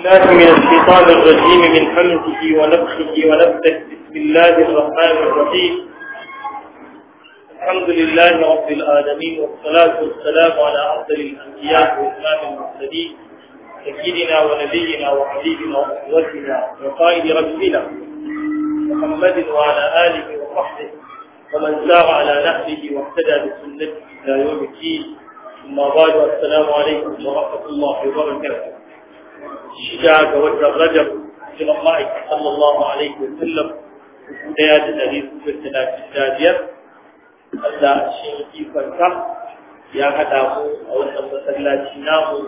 الله من الشيطان الرجيم من حمده ونفخه ونفسه بسم الله الرحمن الرحيم الحمد لله رب العالمين والصلاة والسلام على أفضل الأنبياء وإمام المرسلين سيدنا ونبينا وحبيبنا وأسوتنا وقائد ربنا محمد وعلى آله وصحبه ومن سار على نهجه واهتدى بسنته إلى يوم الدين ثم بعد السلام عليكم ورحمة الله وبركاته shida ga watan rajab jiran ma'aikin sallallahu alaihi wa sallam daya da dari da talatin da biyar Allah shi ya haɗa mu a wannan masallaci namu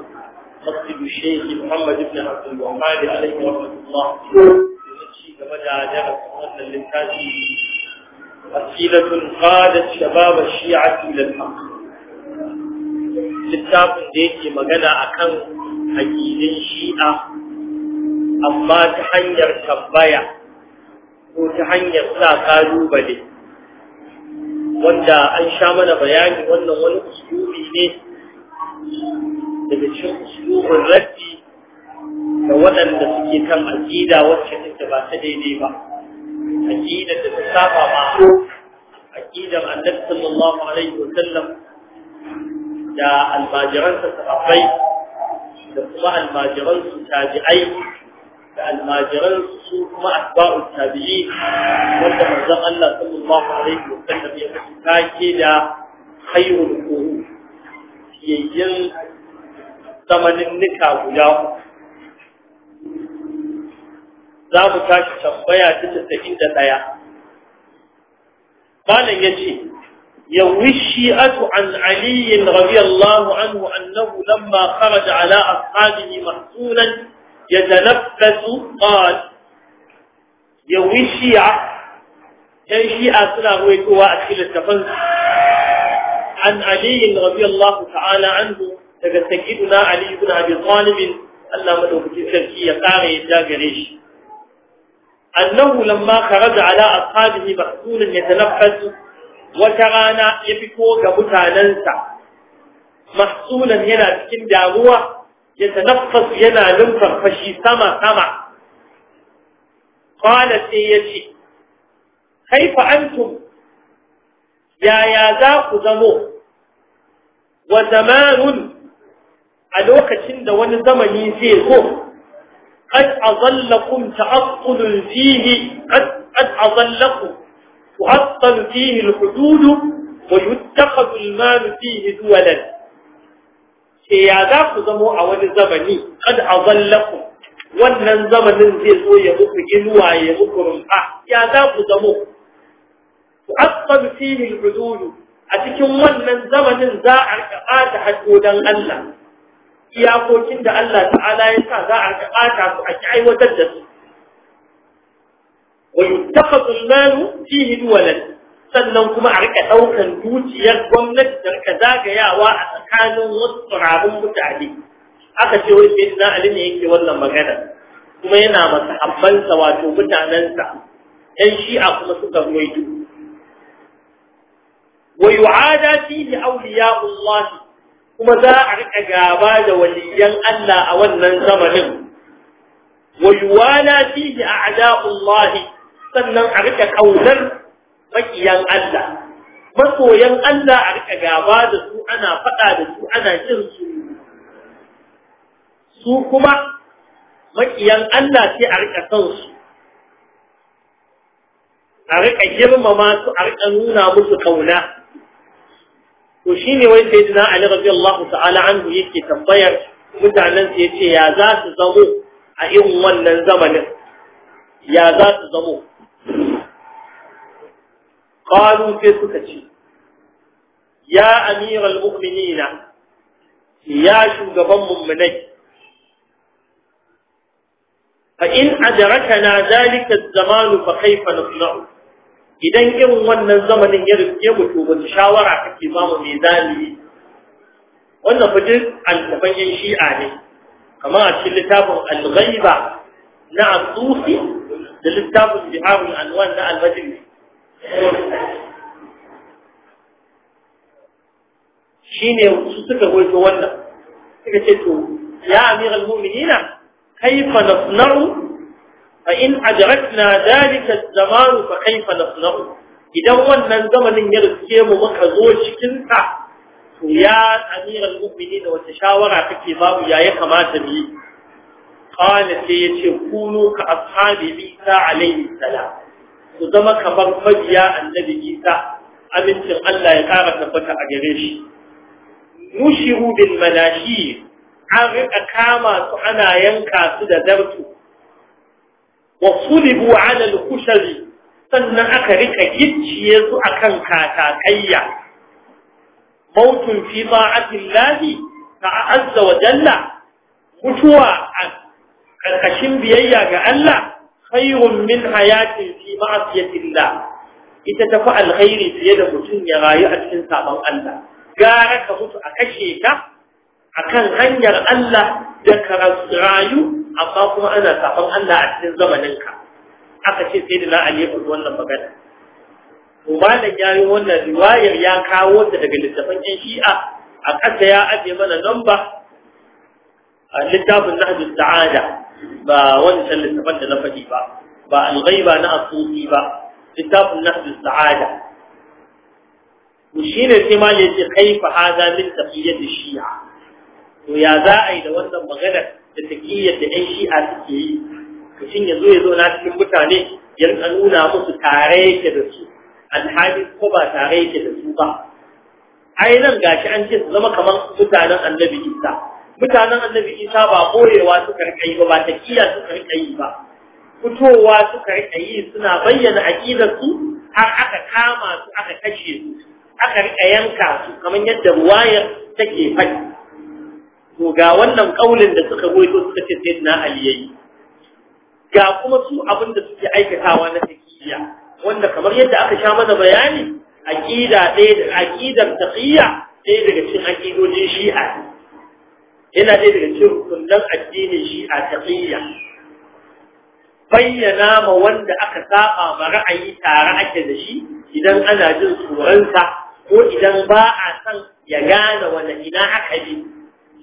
مسجد الشيخ محمد بن عبد الوهاب عليه رحمه الله يمشي كما جاء أن للكاتب أسئلة قادت شباب الشيعة إلى الحق littafin da yake magana a kan aƙidin shi'a amma ta hanyar tambaya ko ta hanyar sa ƙalubale. wanda an sha mana bayani wannan wani usulubi ne daga cikin usulubin raddi da waɗanda suke kan aƙida wacce take ba ta daidai ba aƙidar da ta saba ma aƙidar annabi sallallahu alaihi wa sallam da almajiransa sahabbai da kuma almajiransu tabi'ai da almajiran su kuma asba'u tabi'i wanda manzon Allah sallallahu alaihi wa sallam ya kace ke da khairul qurun yayyin zamanin nika guda za mu tashi tambaya ta 91 malam yace يروي الشيعة عن علي رضي الله عنه أنه لما خرج على أصحابه محصولا يتنفس قال يروي الشيعة كان شيعة صلى الله عليه التفنس عن علي رضي الله تعالى عنه تجدنا علي بن أبي طالب الله مدوكتين سلكي يقاري جاقريش أنه لما خرج على أصحابه محصولا يتنفس wata rana ya fito ga mutanensa mahsulan yana cikin damuwa ya tanaffas yana numfarfashi fashi sama sama qala sai yace kaifa antum yaya za ku zamo wa zamanun a lokacin da wani zamani zai zo قد أظلكم تعطل فيه قد, قد أظلكم تعطل فيه الحدود ويتخذ المال فيه دولا يا ذاك زمو أول زمني قد أظلكم wannan zamanin zai zo ya muku inuwa ya muku rumfa ya za ku zamo ku asfal fihi al a cikin wannan zamanin za a rika ta hakodan Allah iyakokin da Allah ta'ala ya sa za a rika ta su a aiwatar da su wa yuttakhadhu al-malu fihi duwalan sannan kuma a rika daukan dukiyar gwamnati da rika zagayawa a tsakanin wasu tsararrun mutane aka ce wai sai na ali ne yake wannan magana kuma yana masa habbansa wato mutanensa yan shi'a kuma suka ruwaito wa yu'ada fihi awliya'ullah kuma za a rika gaba da waliyan Allah a wannan zamanin wa yuwala fihi a'da'ullah sannan a rika kaunar makiyan Allah masoyan Allah a rika gaba da su ana faɗa da su ana jin su su kuma makiyan Allah sai a rika son su a rika girmama su a rika nuna musu kauna to shine wai sai dina Ali radiyallahu ta'ala anhu yake tambayar mutanen sa yace ya za su zamo a irin wannan zamanin ya za su zamo qalu sai suka ce ya amiral mu'minina ya shugaban mummunai fa in adrakana na az-zamanu fa kaifa idan irin wannan zamanin ya rike mutu wata shawara kake ba mu mai zalimi wannan fajin alkafan yan shi'a ne kama a cikin littafin na da littafin biharul anwan na al shi ne su suka goyi wannan suka ce to ya amir al-mu'minina kaifa nasna'u fa in ajratna dalika az-zaman fa kaifa nasna'u idan wannan zamanin ya riske mu muka zo cikin sa to ya amir al-mu'minina wata shawara kake babu ya ya kamata mu yi qala sai yace kunu ka ashabi bi ta alayhi salam su zama kamar mabiya annabi isa amincin Allah ya kara tabbata a gare shi mushiru bin malashi an riƙa kama su ana yanka su da zartu wa sulibu ala al sannan aka rika gicciye su akan katakayya mautun fi ta'atillahi ta'azza wa jalla mutuwa a ƙarƙashin biyayya ga Allah khairun min hayatin fi ma'asiyatillah ita tafi alkhairi fiye da mutum ya rayu a cikin sabon Allah gara ka mutu a kashe ka akan hanyar Allah da ka rayu amma kuma ana sabon Allah a cikin zamanin ka aka ce sai da na aliyu wannan magana to malam ya yi wannan riwayar ya kawo ta daga littafin yan shi'a a ƙasa ya aje mana lamba a littafin nahjus sa'ada ba wancan littafin da na faɗi ba ba al na asusi ba littafin nahd as-sa'ada to shine sai ma ne ce kaifa hada min shi'a to ya za a yi da wannan magana da taqiyyat da ai shi'a suke yi mutum ya yazo ya cikin mutane ya rika nuna musu tare yake da su alhali ko ba tare yake da su ba ai nan gashi an ce su zama kamar mutanen annabi Isa mutanen annabi isa ba korewa suka rika yi ba ba taqiya suka rika yi ba fitowa suka rika yi suna bayyana aqidarsu har aka kama su aka kashe su aka rika yanka su kamar yadda wayar take faɗi to ga wannan kaulin da suka goyo suka ce sai na aliyayi ga kuma su abin da suke aikatawa na taqiya wanda kamar yadda aka sha mana bayani aqida ɗaya da aqidar ɗaya daga cikin aqidojin shi'a yana ɗaya daga cikin rukunan addini shi a taƙiyya bayyana ma wanda aka saba ma ra'ayi tare ake da shi idan ana jin tsoronsa ko idan ba a san ya gane wanda ina aka yi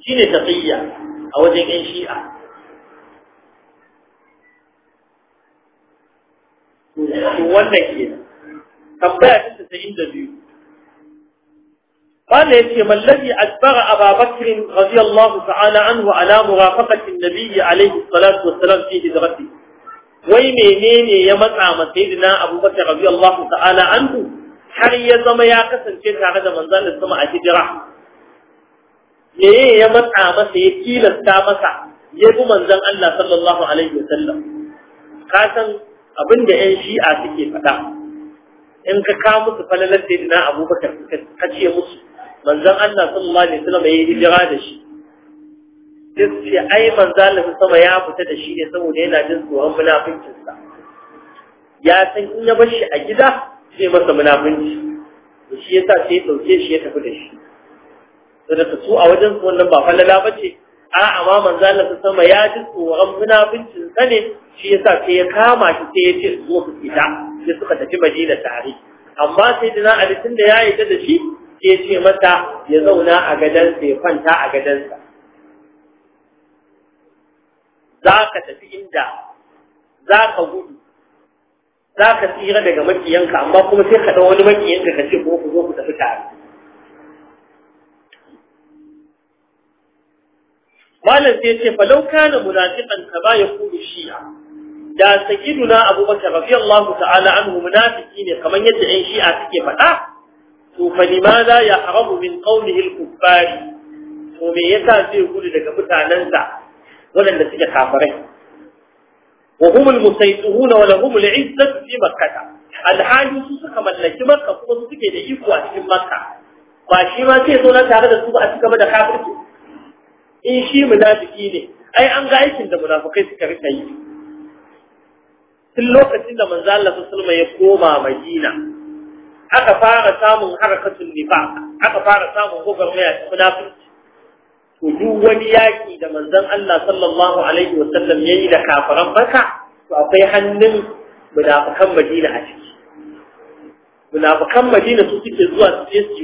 shi ne taƙiyya a wajen 'yan shi'a wannan ke tambaya ta 92 قال يتي ما الذي أجبر أبا بكر رضي الله تعالى عنه على مرافقة النبي عليه الصلاة والسلام في هجرته ويمينين يمتع سيدنا أبو بكر رضي الله تعالى عنه حري زما يا قسم شيء هذا من ذلك السماء هجرة ليه يمتع مسا يكيل السامسة يبو من ذلك الله صلى الله عليه وسلم قاسم abin da ‘yan shi'a suke faɗa in ka kawo musu falalar sai na abubakar ka ce musu manzan Allah ma ne suna mai hijira da shi Duk ce ai manzan Allah sama ya fita da shi ne saboda yana jin tsoron munafincinsa. sa ya san in ya bar shi a gida zai masa munafinci to shi yasa sai ya dauke shi ya tafi da shi saboda su a wajen su wannan ba falala bace a'a ma manzan Allah sama ya ji tsoron munafincinsa sa ne shi yasa sai ya kama shi sai ya ce zo ku fita sai suka tafi Madina tare amma sai dina Ali tun da ya yi da shi sai ce mata ya zauna a gadansa ya kwanta a gadansa za ka tafi inda za ka gudu za ka tsira daga makiyanka amma kuma sai ka ɗau wani makiyanka ka ce ko ku zo ku tafi tare malam sai ce fa lau kana munafiqan ka ba yaqulu shi'a da sakiduna abubakar radiyallahu ta'ala anhu munafiqi ne kamar yadda ƴan shi'a suke faɗa to fa limaza ya haramu min qawlihi al-kuffari to me yasa sai gudu daga mutanansa waɗanda suke kafirai wa al musaytuhuna wa lahum al-izzatu fi makkah alhali su suka mallaki makka kuma su suke da iko a cikin makka ba shi ma sai zo na tare da su ba a cigaba da kafirci in shi munafiki ne ai an ga aikin da munafikai suka rika yi tun lokacin da manzo Allah sallallahu alaihi wasallam ya koma Madina aka fara samun harakatun nifaq aka fara samun gwagwarmaya ta munafiki to duk wani yaki da manzon Allah sallallahu alaihi wa sallam yayi da kafaran baka to akwai hannun munafikan Madina a ciki munafikan Madina su suke zuwa su je su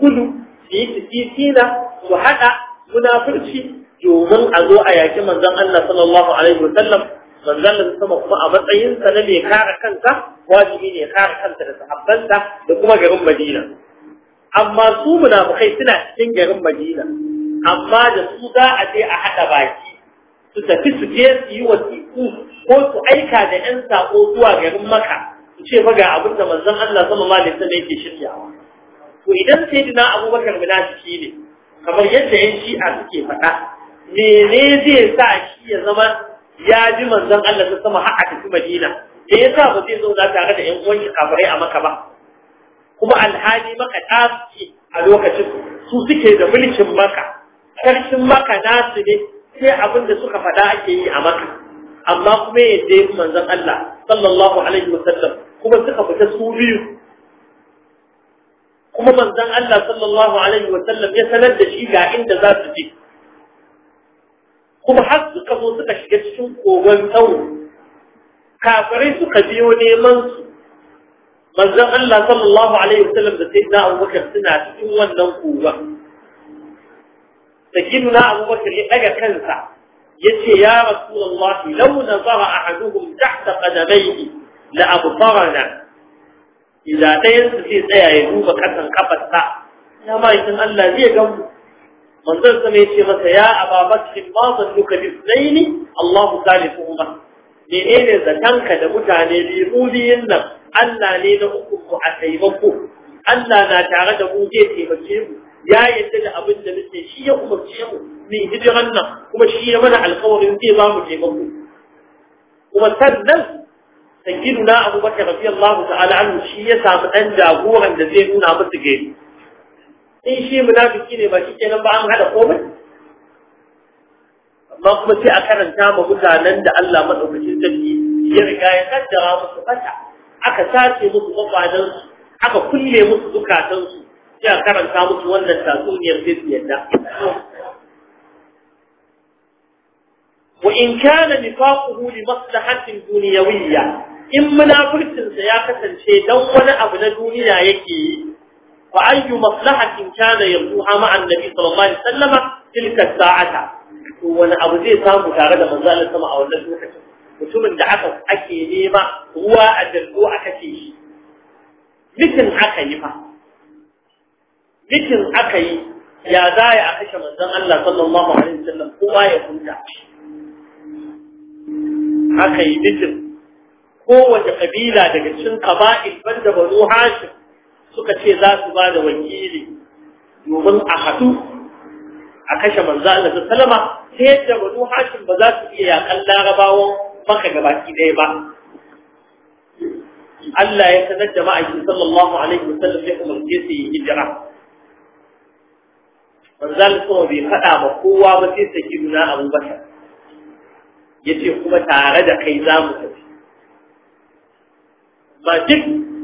gudu su yi titina su hada munafurci domin a zo a yaki manzon Allah sallallahu alaihi wa sallam manzon sama kuma a matsayin sa na mai kare kansa wajibi ne kare kansa da sahabbansa da kuma garin Madina amma su munafikai suna cikin garin Madina amma da su za a je a hada baki su tafi su je su yi wasiƙu ko su aika da ƴan sako zuwa garin Makka su ce fa ga abin da manzon Allah sallallahu alaihi wasallam yake shiryawa to idan dina Abubakar munafiki ne kamar yadda yan shi'a suke faɗa mene zai sa shi ya zama ya ji manzon Allah sun sama har a tafi Madina ya sa ba zai zo tare da ƴan uwan shi kafirai a Makka ba kuma alhali Makka ta ce a lokacin su suke da mulkin Makka sarkin Makka su ne sai abin da suka faɗa ake yi a Makka amma kuma ya je manzon Allah sallallahu alaihi wasallam kuma suka fita su biyu kuma manzon Allah sallallahu alaihi wasallam ya sanar da shi ga inda za su je kuma har suka zo suka shiga cikin kogon tsawo kafirai suka biyo neman su manzon Allah sallallahu alaihi wasallam da sayyidina Abubakar suna cikin wannan kogon sayyidina Abubakar ya daga kansa yace ya rasulullah law nazara ahaduhum tahta qadamayhi la abtarana idan ɗayan su sai tsaya ya duba kasan kafarsa ya ma Allah zai gamu manzon sama yace masa ya ababakir ma zannuka bisaini Allah salisuhuma menene zatanka da mutane biyu mu biyun nan Allah ne na uku a taimako Allah na tare da mu zai taimake mu ya yadda da abin da muke shi ya umarce mu min hijiran nan kuma shi ya mana alkawarin zai ba mu taimako kuma sannan sayyiduna Abu Bakar radiyallahu ta'ala anhu shi ya samu dan jagoran da zai nuna masa gari in shi munafiki ne ba shikenan ba an hada komai amma kuma sai a karanta ma mutanen da Allah madaukakin sarki ya riga ya kaddara musu fata aka sace musu kwakwalen su aka kulle musu zukatan su sai a karanta musu wannan tatsuniyar sai su yadda wa in kana nifaquhu li maslahatin duniyawiyya in munafiqin sa ya kasance dan wani abu na duniya yake yi فأي مصلحة كان يرجوها مع النبي صلى الله عليه وسلم تلك الساعة وانا أبو زي سامو تارد من ذلك السماء أو الناس mutumin da aka ake nema ruwa a dalgo aka ce shi mitin aka yi fa mitin ya za a kashe manzon Allah sallallahu alaihi wasallam ya huta aka yi kowace kabila daga cikin qaba'il suka ce za su ba da wakili domin a haɗu a kashe manzo Allah ta salama ta yadda wani hashin ba za su iya yakan larabawan maka gabaki ɗaya ba Allah ya sanar da ma'aikin sallallahu alaihi Sallam ya umarce su yi hijira manzo Allah kuma bai faɗa ba kowa ba sai sakiduna ya ce kuma tare da kai za mu tafi ba duk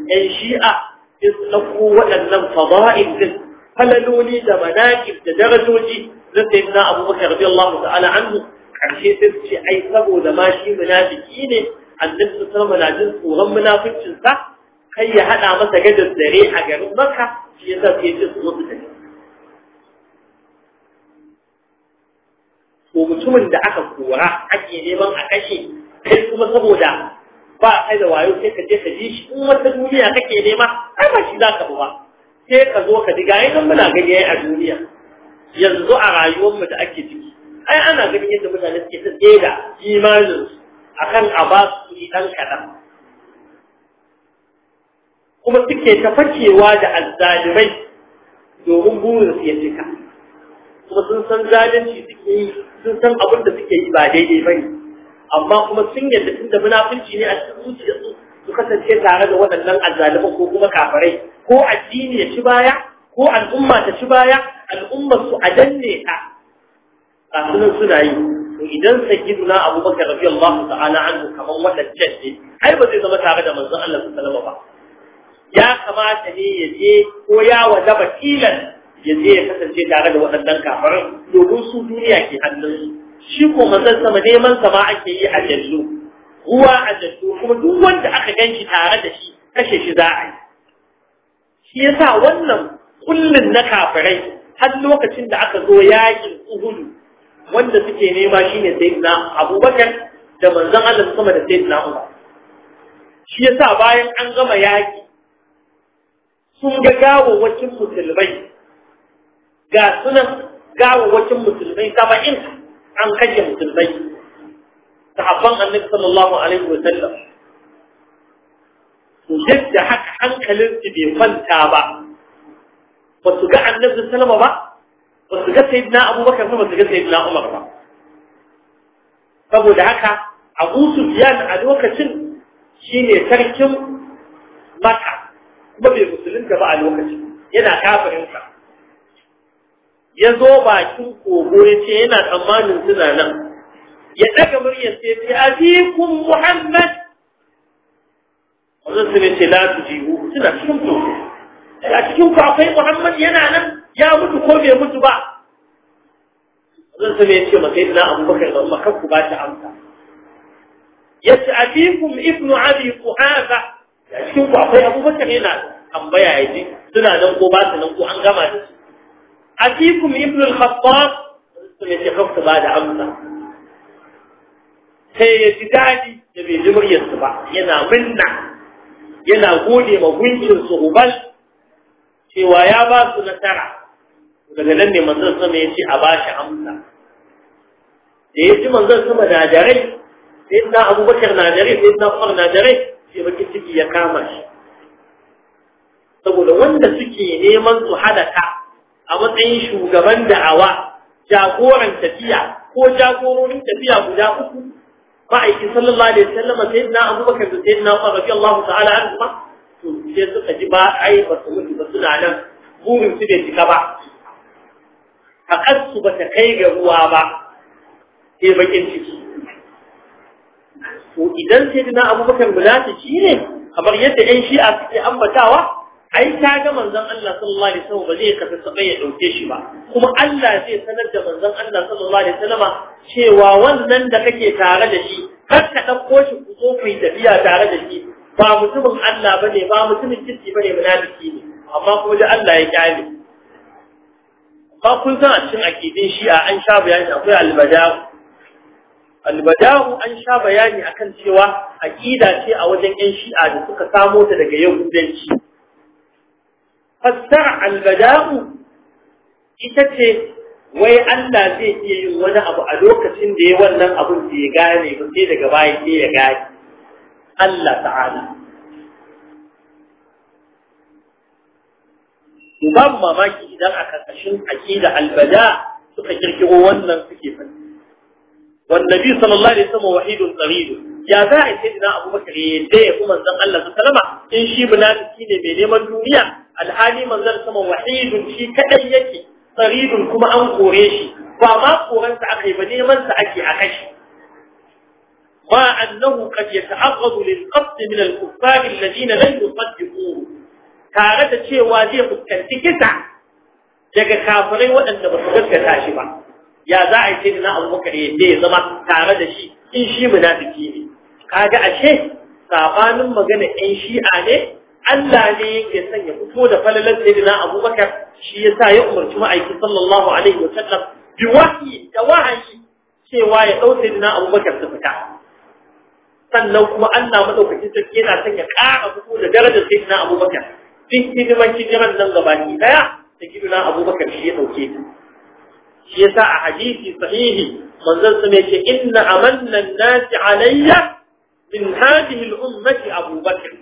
'yan shi'a sai ɗauko waɗannan fada'il din falaloli da manaƙib da darajoji na sayyidina abubakar radiyallahu ta'ala anhu ƙarshe sai ce ai saboda ma shi munafiki ne annabi sallallahu san wasallam tsoron munafincin sa kai ya haɗa masa gadar dare a garin maka, shi sai ya ce su mutu tafi ko mutumin da aka kora ake neman a kashe kai kuma saboda ba kai da wayo sai ka je ka ji shi in ta duniya kake nema ai ba shi zaka ba sai ka zo ka ji ga yayin muna gani a duniya yanzu a rayuwar mu da ake ciki ai ana ganin yadda mutane suke ta tseda imanin akan a ba su dan kada kuma suke ta fakewa da azzalimai domin burin su ya cika kuma sun san zalunci suke sun san abin suke yi ba daidai bane amma kuma sun yadda tun da munafunci ne a cikin zuciyarsu su kasance tare da waɗannan azzaliman ko kuma kafirai ko addini ya ci baya ko al'umma ta ci baya al'ummar su a danne ta a sunan suna yi to idan sayyiduna abubakar radiyallahu ta'ala anhu kaman wadancan ne ai ba zai zama tare da manzon Allah sallallahu alaihi ba ya kamata ne ya je ko ya wajaba tilan ya je ya kasance tare da waɗannan kafirin domin su duniya ke hannun shi ko manzon sama neman sama ake yi a jallu ruwa a jallu kuma duk wanda aka ganshi tare da shi kashe shi za a yi shi yasa wannan kullun na kafirai har lokacin da aka zo yakin uhudu wanda suke nema shine sayyidina abubakar da manzon Allah sama da sayyidina umar shi yasa bayan an gama yaki sun ga gawawwakin musulmai ga sunan gawawwakin musulmai saba'in an kashe musulmai sahabban annabi sallallahu alaihi wa sallam duk da haka hankalin su bai kwanta ba ba su ga annabi sallama ba ba su ga sayyidina abubakar ba su ga sayyidina umar ba saboda haka abu sufyan a lokacin shine sarkin maka kuma bai musulunta ba a lokacin yana kafirinsa ya zo bakin kogo ya ce yana tsammanin suna nan ya daga muryar ce ce azikum muhammad wannan sun ce la su jihu suna cikin kogo a cikin akwai muhammad yana nan ya mutu ko bai mutu ba wannan sun ce maka ina na abubakar da makar ku ba ta amsa ya ce azikum ibnu abi kuhafa a cikin akwai abubakar yana tambaya ya ji suna nan ko ba su nan ko an gama da su atikum ibn al-khattab sun yake kafta ba da amsa sai ya ji daɗi da bai ji muryarsu ba yana minna yana gode ma gunkin su ubal cewa ya basu nasara daga nan ne manzon sama ya ce a ba shi amsa da ya ji manzon sama na jarai sai na abubakar na jarai sai na umar na sai bakin ciki ya kama shi saboda wanda suke neman su hadaka a matsayin shugaban da'awa jagoran tafiya ko jagororin tafiya guda uku yi sallallahu alaihi wasallam sai na abubakar da sai na umar radiyallahu ta'ala anhu ma to sai suka ji ba ai ba su mutu ba suna nan burin su bai cika ba A su ba ta kai ga ruwa ba sai bakin ciki to idan sai na abubakar shi ne kamar yadda 'yan shi'a suke ambatawa ai ta ga manzon Allah sallallahu alaihi wasallam ba zai kafa sabai ya dauke shi ba kuma Allah zai sanar da manzon Allah sallallahu alaihi wasallam cewa wannan da kake tare da shi kar ka dauko shi ku zo ku yi tafiya tare da shi ba mutumin Allah bane ba mutumin kirki bane munafiki ne amma kuma da Allah ya kyale ba kun san a cikin akidin shi'a an sha bayani akwai albadawu albadawu an sha bayani akan cewa akida ce a wajen yan shi'a da suka samo ta daga yahudanci fassara albada'u ita ce wai Allah zai iya yin wani abu a lokacin da ya wannan abin da ya gane ba sai daga baya sai ya gane Allah ta'ala babu mamaki idan a karkashin aƙida albada suka kirkiro wannan suke faɗi والنبي صلى الله عليه وسلم وحيد قريب يا ذا سيدنا ابو بكر ya kuma manzon Allah sallama in shi munafiki ne mai neman duniya alhali manzon sama wahidun shi kaɗai yake tsaridun kuma an kore shi ba ma koransa aka yi ba neman sa ake a kashi ma annahu qad yata'arradu lil qasd min al kuffar alladhina lam yusaddiquhu tare da cewa zai fuskanci kisa daga kafirai waɗanda ba su gaskata shi ba ya za a yi sai na abubakar ya ya zama tare da shi in shi munafiki ne kaga ashe sabanin magana ɗan shi'a ne Allah ne yake son ya fito da falalar sayyidina Abubakar shi yasa ya umarci ma'aikin sallallahu alaihi wa sallam bi wahyi da wahayi cewa ya dau sayyidina Abubakar su fita sannan kuma Allah madaukakin sarki yana son ya ƙara fito da darajar sayyidina Abubakar duk hidiman hidiman nan gabaki daya da sayyidina Abubakar shi ya dauke Shi shi sa a hadisi sahihi manzon sa yake inna amanna nasi alayya min hadhihi al-ummati Abubakar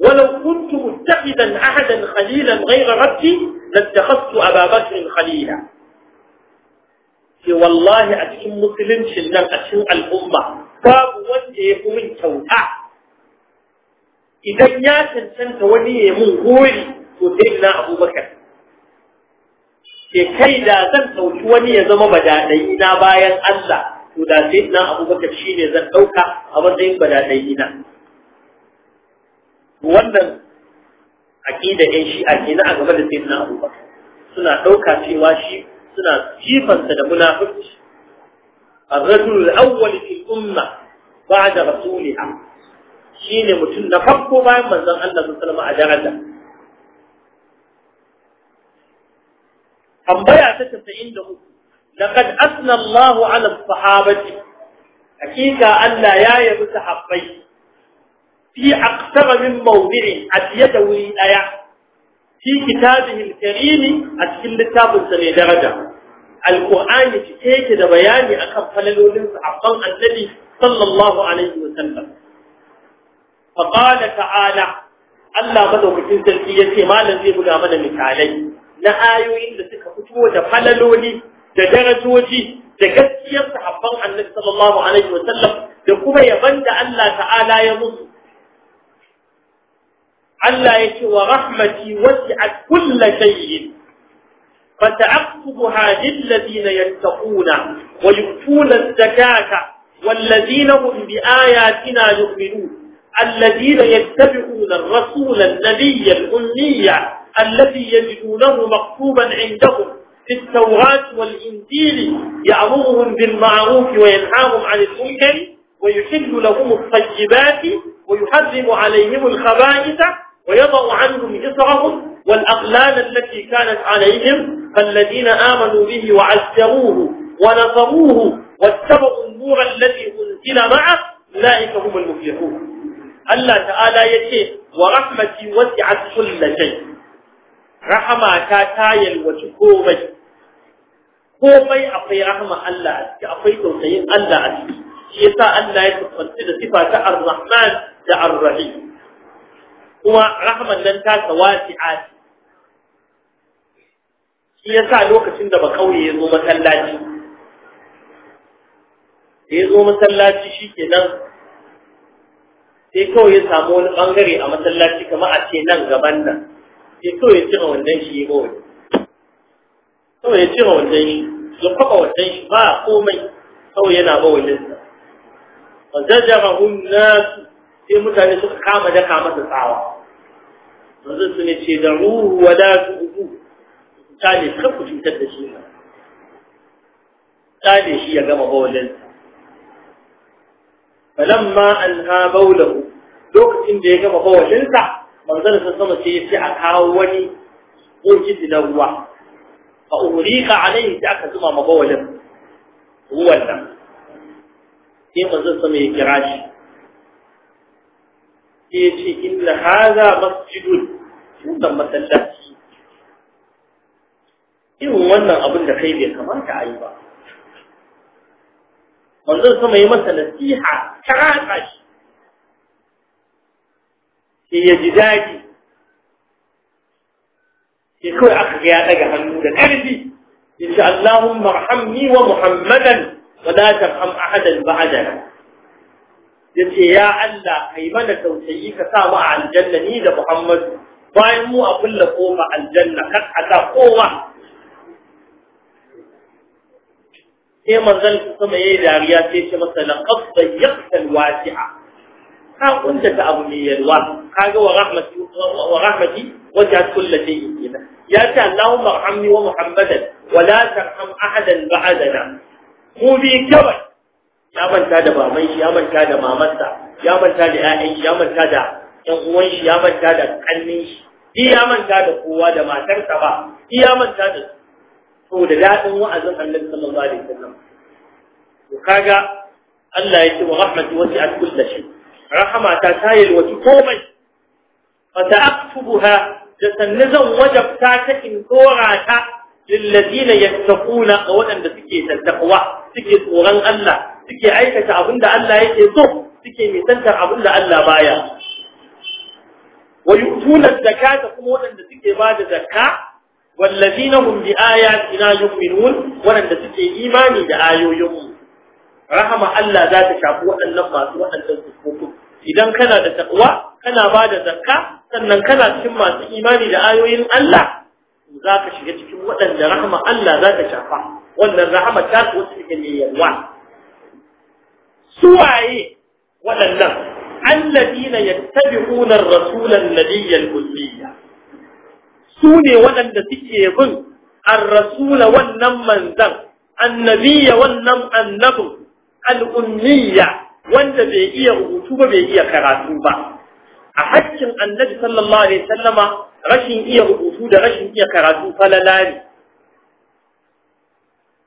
ولو كنت متخذا أحدا خليلا غير ربي لاتخذت أبا بكر خليلا ce wallahi a cikin musuluncin nan a cikin al'umma babu wanda ya fi min kyauta idan ya cancanta wani ya mun gori to sai ina abubakar ke kai zan ɗauki wani ya zama badadayi na bayan Allah to da sai ina abubakar shine zan ɗauka a matsayin badadayi na wannan aƙida 'yan shi a kenan a gaba da sai na suna ɗauka cewa shi suna jifansa da munafurci a rajul awwal fi umma ba'da rasuliha shine mutum na farko bayan manzon Allah sallallahu alaihi wasallam a tambaya ta tafi da uku laqad asna Allahu ala sahabati hakika Allah ya yabi sahabbai fi aksara min mawdi'in a fiye da wuri ɗaya fi kitabihi karimi a cikin littafinsa mai daraja alqur'ani cike yake da bayani akan falalolin sahabban annabi sallallahu alaihi wa sallam fa qala ta'ala Allah madaukakin sarki ce malam zai buga mana misalai na ayoyin da suka fito da falaloli da darajoji da gaskiyar sahabban annabi sallallahu alaihi wa sallam da kuma yaban da Allah ta'ala ya musu Allah ya ce wa rahmati wasi'at kulla shay'in فتعقبها للذين يتقون ويؤتون الزكاة والذين هم بآياتنا يؤمنون الذين يتبعون الرسول النبي الأمي الذي يجدونه مكتوبا عندهم في التوراة والإنجيل يأمرهم بالمعروف وينهاهم عن المنكر ويحل لهم الطيبات ويحرم عليهم الخبائث ويضع عنهم إصرهم والأغلال التي كانت عليهم فالذين آمنوا به وعزروه ونصروه واتبعوا النور الذي أنزل معه أولئك هم المفلحون الله تعالى يتي ورحمتي وسعت كل شيء رحمة تايل وتكومي كومي أقي رحمة الله a ciki akwai الله Allah a الله shi yasa Allah ya tafsiri kuma rahman nan ta ta wasi'a shi sa lokacin da ba ya zo masallaci da ya zo masallaci shi ke nan sai kawai ya samu wani bangare a masallaci kama a ce nan gaban nan sai kawai ya cire wannan shi ya kawai kawai ya cire wannan shi ya kwaba wannan shi ba komai kawai yana ba wannan sa fa zajara nasu sai mutane suka kama daka masa tsawa yanzu su ne ce da ruhu wa da su ta ne kan ku cutar da shi ne shi ya gama bawalin ma an ha ku. lokacin da ya gama bawalinsa manzon sun sama ce ya ce a kawo wani ƙoƙi na ruwa a urika alaihi da aka zuma mabawalin ruwan nan sai manzon sama ya kira shi sai ya ce inna haza masjidun wannan masallaci irin wannan abin da kai bai kamata a yi ba wanzan sama yi masa nasiha ta ratsa shi sai ya ji daji sai kawai aka ga ya daga hannu da ƙarfi ya ce Allahumma rahamni wa Muhammadan wa la tarham ahadan ba'dana yace ya Allah kai mana tausayi ka sa mu a aljanna ni da Muhammadu bayan mu a kulla koma aljanna kar a sa kowa sai manzon sama yayi dariya sai ce masa laqad dayyaqtal wasi'a ka kunta ta abu mai yalwa kaga wa rahmati wa rahmati wajhat kulli shay'in ila ya ta Allahumma arhamni wa Muhammadan wa la tarham ahadan ba'dana mu bi kawai ya manta da baban shi ya manta da mamansa ya manta da ƴaƴan shi ya manta da ƴan uwan shi ya manta da kannin shi shi ya manta da kowa da matarsa ba shi ya manta da to da dadin wa'azin Annabi sallallahu alaihi wasallam to kaga Allah yake wa rahmatu wasi'at kulli shay Rahama ta yalwaci komai fa ta'aktubuha da sanne zan wajabta ta in dora ta lillazina yattaquna ga waɗanda suke tattaqwa suke tsoron Allah suke aikata abin da Allah yake so suke misantar abin da Allah baya wa yu'tuna zakata kuma waɗanda suke bada da zakka wallazina hum bi ayatina yu'minun waɗanda suke imani da ayoyinmu rahama Allah za ta shafi waɗannan masu waɗannan sufofin idan kana da takwa kana bada zakka sannan kana cikin masu imani da ayoyin Allah za ka shiga cikin waɗanda rahama Allah za ta shafa wannan rahama ta kuwa cikin yalwa suwaye waɗannan alladina na ar-rasula rasulan nabiyya al su ne waɗanda suke bin ar-rasula wannan manzan annabiya, wannan annabin al'ummiyya, wanda bai iya rubutu ba bai iya karatu ba a hakkin annabi sallallahu alaihi sallama rashin iya rubutu da rashin iya karatu falala ne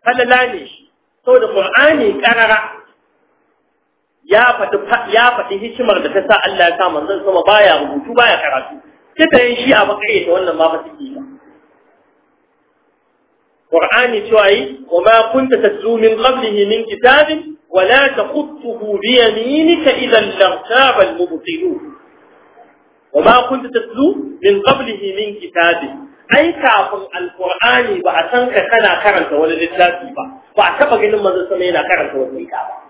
falala ne shi saboda qur'ani ƙarara. ya faɗi ya hikimar da ta sa Allah ya sa manzon sama baya rubutu baya karatu kita yin shi a bakare ta wannan ma ba suke ba Qur'ani cewa yi wa ma kunta tatlu min qablihi min kitabin wa la taqutuhu bi yaminika idan lartaba al-mubtilun wa ma kunta tatlu min qablihi min kitabin ai kafin alqur'ani ba a san ka kana karanta wani littafi ba ba a taba ganin manzon sama yana karanta wani littafi ba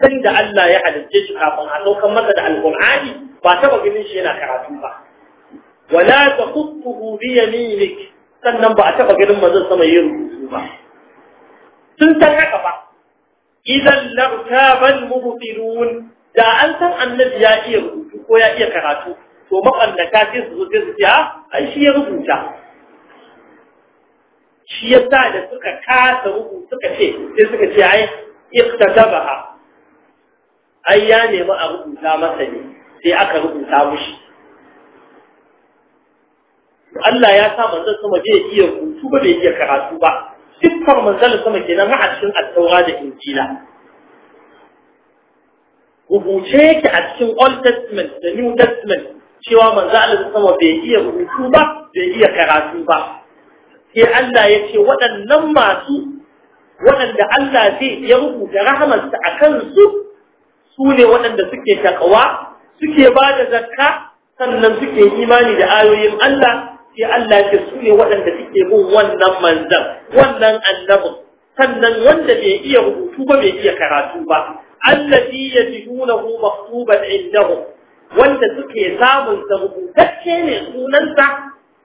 san da Allah ya halicce shi kafin a saukan masa da alqur'ani ba taba ganin shi yana karatu ba wala taqutuhu bi yaminik sannan ba a taba ganin manzon sama yin rubutu ba tun san haka ba idan lartaban mubtilun da an san annabi ya iya rubutu ko ya iya karatu to maƙallata sai su zo sai ah, ai shi ya rubuta shi ya sa da suka kasa rubutu suka ce sai suka ce ai iktataba ai ya nemi a rubuta masa ne sai aka rubuta mushi Allah ya sa manzon sama bai iya rubutu ba bai iya karatu ba siffar manzon sama kenan a cikin attaura da injila rubuce yake a cikin old testament da new testament cewa manzon sama bai iya rubutu ba bai iya karatu ba sai Allah ya ce waɗannan masu waɗanda Allah zai ya rubuta rahamarsa a kansu su ne waɗanda suke takawa suke ba da zakka sannan suke imani da ayoyin Allah sai Allah ya su ne waɗanda suke bin wannan manzan wannan annabin sannan wanda bai iya rubutu ba bai iya karatu ba allazi yajidunahu maktuban indahum wanda suke samun sa rubutacce ne sunansa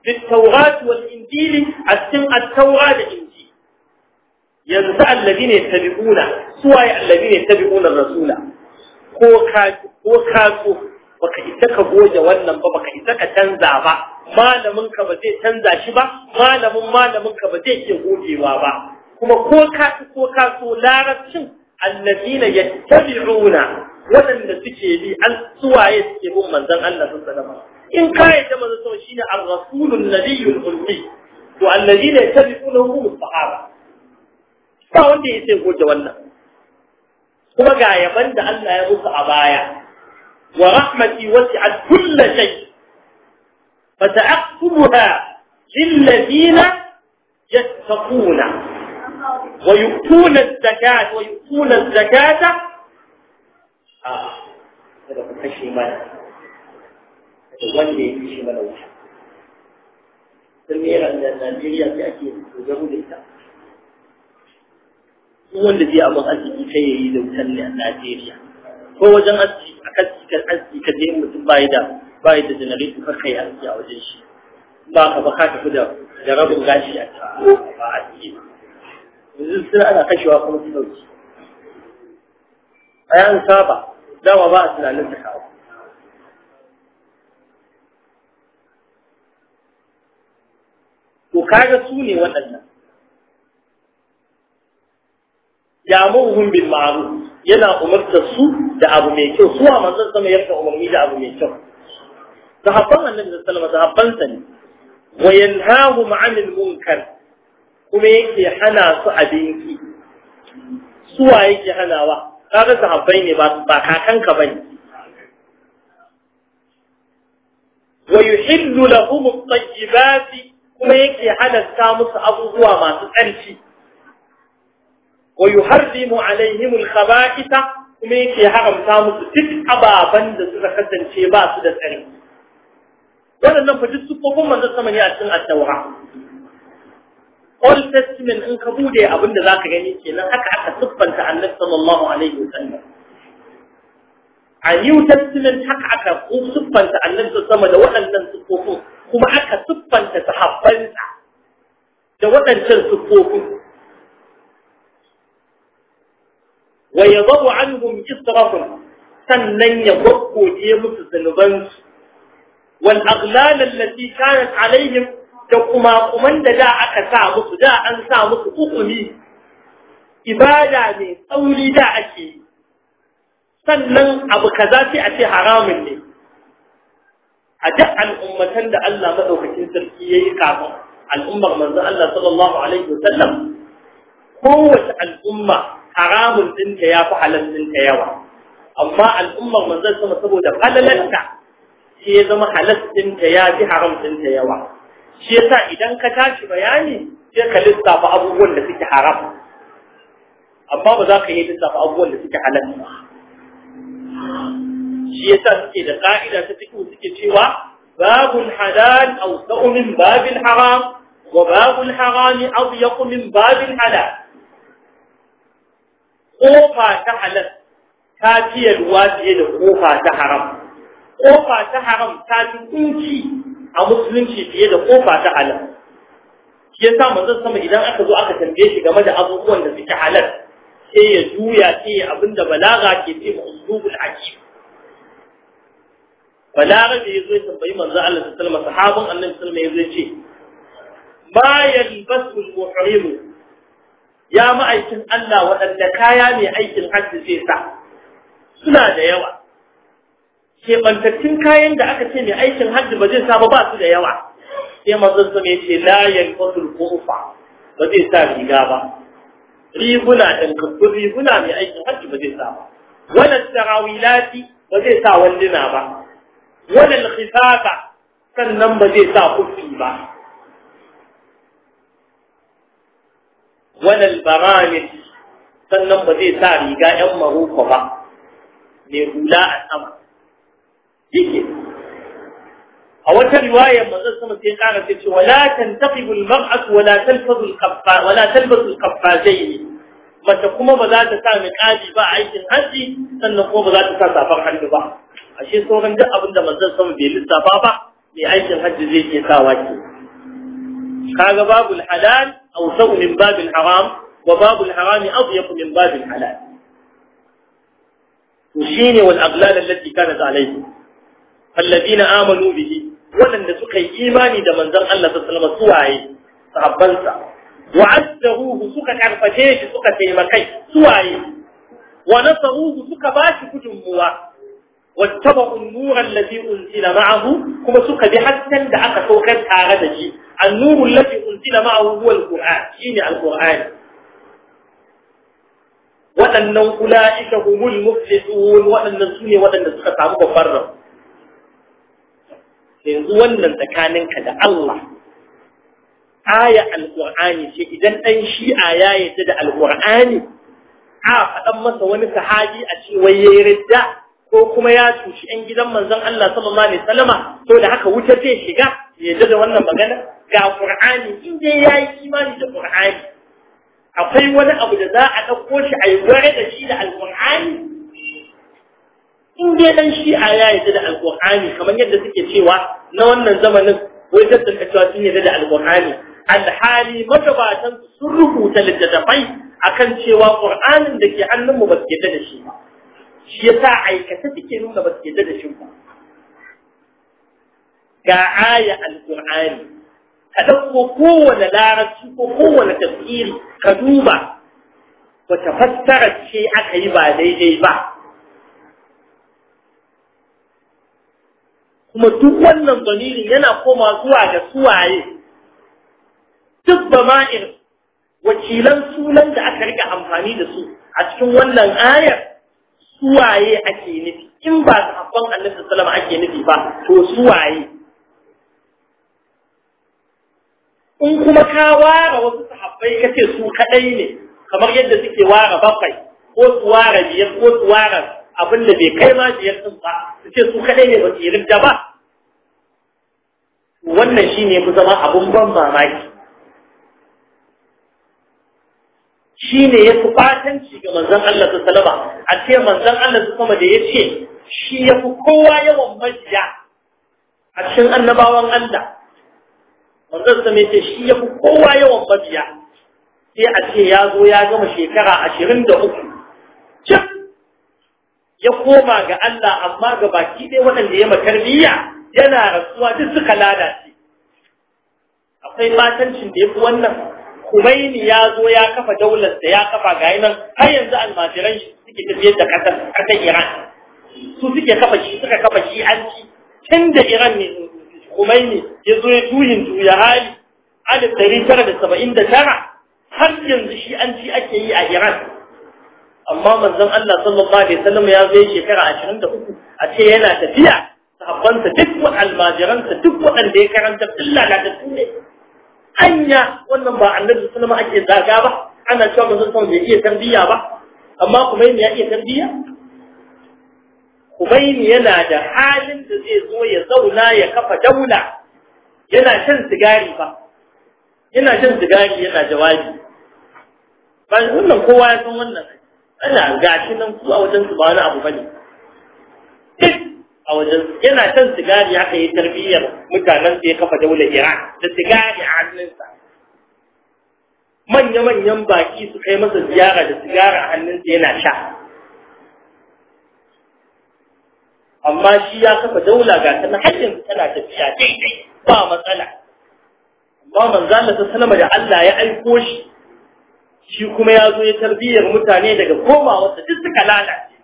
بالتوراة da السمع yanzu الإنجيل ne tabi'una suwaye سواء ne يتبعون rasula? ko ka ko ka so baka isa ka goge wannan ba baka isa ka canza ba malamin ka ba zai canza shi ba malamin malamin ka ba zai iya gogewa ba kuma ko ka ko ka so larabcin allazina yattabi'una waɗanda suke bi an suwaye suke bin manzon Allah sallallahu alaihi wasallam in ka yadda manzon sallallahu shine ar-rasulun nabiyyul ummi to annabina yattabi'una hum as-sahaba ba wanda yake goge wannan kuma ga yaban da Allah ya musu a baya wa rahmati wasi'at kull shay fata'aqqubuha lilladhina يتقون ويؤتون الزكاة ويؤتون الزكاة آه هذا هو كشي مانا wanda ya fi shi mana wuta. Sun ran da Najeriya ake dogaro da ita. wanda zai abin arziki kai ya yi da wutan Najeriya ko wajen arziki a kan cikin arziki ka je mutum bayi da bayi da janareto ka kai arziki a wajen shi ba ka ba ka tafi da da rabin gashi a cikin a arziki yanzu sun ana kashewa kuma su dauki a yan saba dama ba a tunanin ta kawo to kaga su ne waɗannan yamuhum bil ma'ruf yana umarta su da abu mai kyau su a manzon sama yarda umarni da abu mai kyau sahabban annabi sallallahu alaihi wasallam sahabban sa ne wa yanhahum 'anil munkar kuma yake hana su abinki suwa yake hanawa kaga sahabbai ne ba ba kakanka bane wa yuhillu lahum at-tayyibati kuma yake halatta musu abubuwa masu tsarki wa yuharrimu alaihim alkhaba'itha kuma yake haramta musu duk ababan da suka kasance ba su da tsari waɗannan fa duk sufofin manzon sama ne a cikin at-taura Old Testament in ka bude abin da zaka gani kenan haka aka siffanta Annabi sallallahu alaihi wasallam a New Testament haka aka siffanta Annabi sama da waɗannan siffofin kuma aka siffanta sahabbansa da waɗancan siffofin wa yadhu anhum israhum sannan ya goggoje musu zunubansu wal aghlal allati kanat alaihim da kuma kuman da da aka sa musu da an sa musu hukumi ibada mai tsauri da ake yi sannan abu kaza sai a ce haramun ne a duk al'ummatan da Allah madaukakin sarki yayi kafin al'ummar manzo Allah sallallahu alaihi wasallam kowace al'umma haramun ɗinta ya fi halal ɗinta yawa amma al'ummar manzon sama saboda halalanta sai ya zama halal ɗinta ya fi haram ɗinta yawa shi yasa idan ka tashi bayani sai ka lissafa abubuwan da suke haram amma ba za ka yi lissafa abubuwan da suke halal ba shi yasa suke da ka'ida ta fiqh suke cewa babul halal aw min babil haram wa babul harami adyaq min babil halal kofa ta halal ta fi yalwa fiye da kofa ta haram kofa ta haram ta fi kunci a musulunci fiye da kofa ta halal shi sa manzon sama idan aka zo aka tambaye shi game da abubuwan da suke halal sai ya juya sai ya abinda balaga ke fi ma uslubul hakim balaga da zo ya tambayi manzon Allah sallallahu alaihi wasallam sahabban annabi sallallahu alaihi wasallam zo ya ce ma yalbasu al-muhrimu ya ma'aikin Allah waɗanda kaya mai aikin hajji zai sa suna da yawa keɓantattun kayan da aka ce mai aikin hajji ba zai sa ba su da yawa sai manzon su ne ce kwasul ko ufa ba zai sa riga ba riguna ɗankakkun riguna mai aikin hajji ba zai sa ba wani tarawilati ba zai sa wanduna ba wala khifafa sannan ba zai sa kufi ba wani albaramid sannan ba zai sa riga ‘yan maroko ba mai hula a sama yake a wata riwaya manzon sama sai ƙara sai ce wala tantaqibu al-mar'atu wala talfazu al mace kuma ba za ta sa niqabi ba aikin hajji sannan kuma ba za ta sa safar hannu ba ashe sauran duk abin da manzon sama bai lissafa ba mai aikin hajji zai ke kawa ke kaga babu halal أوسع من باب الحرام وباب الحرام أضيق من باب الحلال وشيني والأغلال التي كانت عليه الذين آمنوا به ولن سكي إيماني دا منزل الله صلى الله عليه وسلم صحبانسا وعزروه سكا كرفتيش سكا تيمكي سوائي ونصروه سكا باشي كجموا واتبعوا النور الذي أنزل معه كما سكا بحسن دا أكا سوكا تارد جي النور الذي أنزل معه هو القرآن شيني القرآن وأن أولئك هم المفلحون وأن سوني وأن سكتعبوا بفرر yanzu wannan tsakaninka da Allah aya alqur'ani ce idan ɗan shi'a ya yadda da alqur'ani a faɗan masa wani sahabi a ce wai yi ridda ko kuma ya tushi 'yan gidan manzon Allah sallallahu alaihi wasallama to da haka wuta zai shiga yadda da wannan magana ga Qur'ani in dai yayi imani da Qur'ani akwai wani abu da za a ɗauko shi a yi ware da shi da Al-Qur'ani in dai dan shi a ya yadda da Al-Qur'ani kamar yadda suke cewa na wannan zamanin wai tattaka cewa sun yadda da Al-Qur'ani alhali magabatan sun rubuta littattafai akan cewa Qur'anin da ke hannunmu ba su yadda da shi ba shi yasa aikata suke nuna ba su yadda da shi ba ga aya alqur'ani ka dauko kowane larabci ko kowane tafsiri ka duba wata fassara ce aka yi ba daidai ba kuma duk wannan dalilin yana koma zuwa ga suwaye duk bama'ir wakilan sunan da aka rika amfani da su a cikin wannan ayar suwaye ake nufi in ba sahabban annabi sallallahu alaihi wasallam ake nufi ba to suwaye in kuma ka ware wasu sahabbai ka ce su kaɗai ne kamar yadda suke ware bakwai ko su ware biyar ko su ware abin da bai kai ma biyar ɗin ba su ce su kaɗai ne ba su yi ba wannan shi ne zama abin ban mamaki shi ne ya fi fatanci ga manzon Allah su salama a ce manzon Allah su sama da ya ce shi ya fi kowa yawan majiya a cikin annabawan Allah manzon sa ce shi ya fi kowa yawan mabiya sai a ce ya zo ya gama shekara ashirin da uku cik ya koma ga Allah amma ga baki ɗaya waɗanda ya makarbiya yana rasuwa duk suka lalace akwai matancin da ya fi wannan Kumaini ya zo ya kafa daular da ya kafa ga yanar har yanzu almajiran shi suke tafiye da ƙasar Iran su suke kafa shi suka kafa shi an ci tun da Iran ne Khomeini ya zo ya juyin juya hali alif ɗari tara da saba'in da tara har yanzu shi an ci ake yi a Iran. Amma manzon Allah sallallahu alaihi wasallam ya zo shekara ashirin da uku a ce yana tafiya sahabbansa duk wa almajiransa duk waɗanda ya karanta duk lalatattu ne. Anya wannan ba annabi sallama ake zaga ba ana cewa manzon sallallahu bai iya tarbiyya ba amma kuma ya iya tarbiyya. Kumaini yana da halin da zai zo ya zauna ya kafa daula yana shan sigari ba yana shan sigari yana jawabi ba wannan kowa ya san wannan ana gashi nan su a wajen su ba wani abu bane duk a wajen yana shan sigari haka yi tarbiyyar mutanen da ya kafa daular Iran da sigari a hannunsa manya-manyan baki su kai masa ziyara da sigara a hannunsa yana sha amma shi ya kafa daula ga ta hajjin tana tafiya daidai ba matsala amma manzo Allah sallama da Allah ya aiko shi shi kuma ya zo ya tarbiyyar mutane daga komawarsa duk suka lalace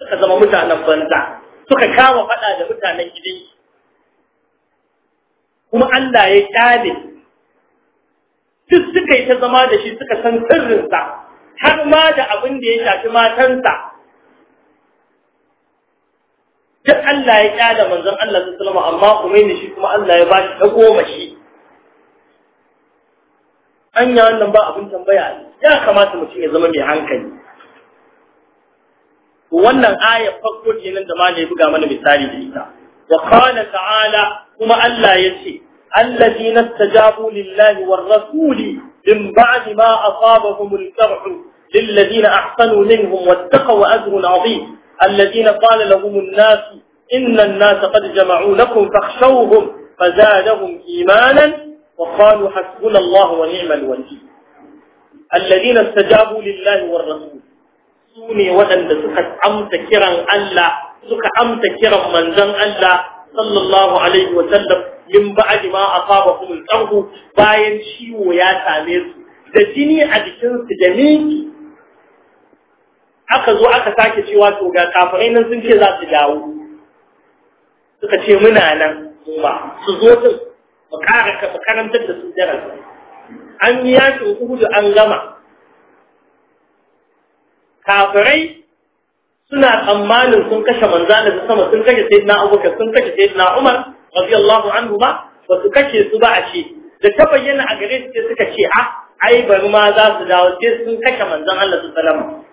suka zama mutanen banza suka kama faɗa da mutanen gidan kuma Allah ya kyale duk suka yi ta zama da shi suka san sirrinsa har ma da abin da ya shafi matansa duk Allah ya kyala manzon Allah sallallahu alaihi wasallam amma Umayni shi kuma Allah ya bashi ta goma shi anya wannan ba abin tambaya ya kamata mutum ya zama mai hankali wannan ayar farko kenan da malai buga mana misali da ita wa qala ta'ala kuma Allah yace alladhina istajabu lillahi war rasuli min ba'di ma asabahum al-qarh lilladhina ahsanu minhum wattaqaw ajrun 'azim الذين قال لهم الناس إن الناس قد جمعوا لكم فاخشوهم فزادهم إيمانا وقالوا حسبنا الله ونعم الوكيل الذين استجابوا لله والرسول سوني وأنت سكت أمت تكرا ألا سكت أمت تكرا من زن ألا صلى الله عليه وسلم من بعد ما أصابهم الأرض باين شيو يا سامير da jini a aka zo aka sake cewa to ga kafirai nan sun ce za su dawo suka ce muna nan ba su zo din mu ka mu karantar da su darasi an yi yakin uhudu an gama kafirai suna tsammanin sun kashe manzana da sama sun kashe sayyidina abubakar sun kashe na umar radiyallahu anhu ba ba su kashe su ba a ce da ta bayyana a gare su sai suka ce a ah, ai bari ma za su dawo sai sun kashe manzon Allah su salama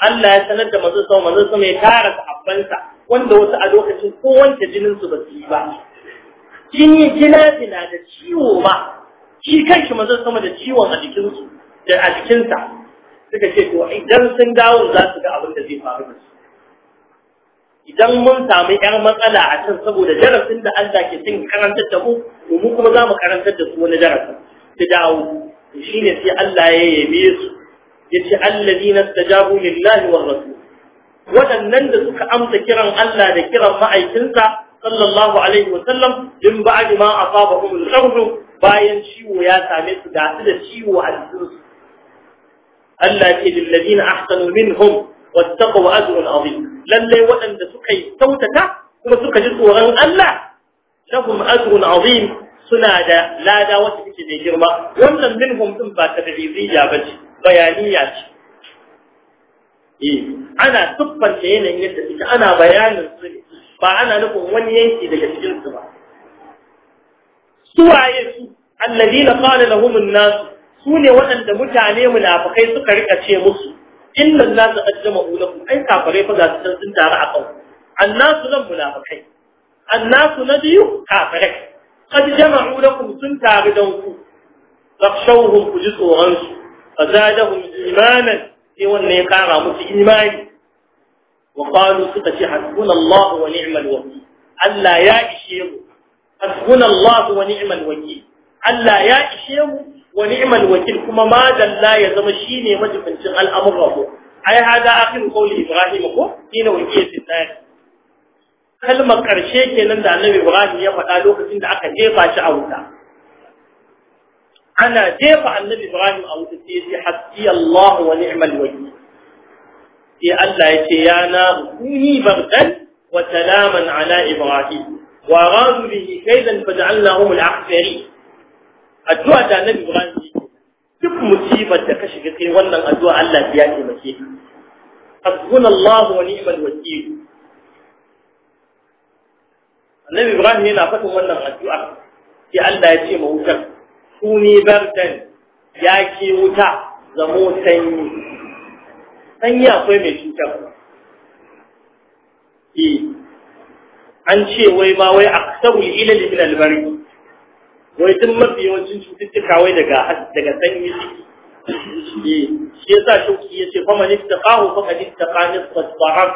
Allah ya sanar da manzon sama manzon sama ya tara sahabbansa wanda wasu a lokacin ko wanke jinin su ba su yi ba jini jina jina da ciwo ma shi shi sama da ciwon a jikinsu da a jikinsa suka ce to idan sun dawo za su ga abin da zai faru da su idan mun sami yar matsala a can saboda darasin da Allah ke cin karantar da mu kuma za mu karantar da su wani darasi su dawo shine sai Allah ya yabe su yace alladina istajabu lillahi war rasul wadannan da suka amsa kiran Allah da kiran ma'aikinsa sallallahu alaihi wa sallam din ba'd ma asabahum al-khawf bayan ciwo ya same su da su da ciwo a jikinsu Allah ce lilladina ahsanu minhum wattaqu ajrun azim lalle wadanda suka yi sautata kuma suka ji tsoron Allah lahum ajrun azim suna da lada wacce take mai girma wannan minhum din ba ta da ba ce bayaniya ce eh ana tuffanta yanayin yadda suke ana bayanin su ne ba ana nufin wani yanki daga cikin su ba waye su alladina da humin nasu? Su ne waɗanda mutane munafukai suka rika ce musu inna an-nas qad jama'u lakum ai kafare fa za su san sun taru a kan an nasu nan munafukai. an nasu na biyu kafare qad jama'u lakum sun taru don ku fakhshawhum ku ji tsoron su فزادهم إيمانا في وأن يقارع مثل إيمان وقالوا ستة حسبنا الله ونعم الوكيل ألا يا إشيه حسبنا الله ونعم الوكيل ألا يا إشيه ونعم الوكيل كما ما دلا يزم شيني مجبن شغل أمره أي هذا آخر قول إبراهيم هو حين وكية النار kalmar ƙarshe kenan da annabi Ibrahim ya faɗa lokacin da aka jefa shi a wuta ana jefa annabi Ibrahim a wuta sai yace hasbi Allah wa ni'mal wakil sai Allah yace ya na kuni bardan wa salaman ala Ibrahim wa radu bihi kaidan faj'alnahum al-akhsari addu'a da annabi Ibrahim duk musibar da ka shiga kai wannan addu'a Allah ya taimake ka hasbunallahu wa ni'mal wakil annabi Ibrahim yana fatan wannan addu'a sai Allah ya ce ma wutar suni bardan ya ke wuta zamo sanyi sanyi akwai mai cutar e an ce wai ma wai a wuli ilal min albari wai duk mafi yawancin cututtuka wai daga daga sanyi e shi yasa shauki yace fa man istaqahu fa qad istaqa nisfat ta'am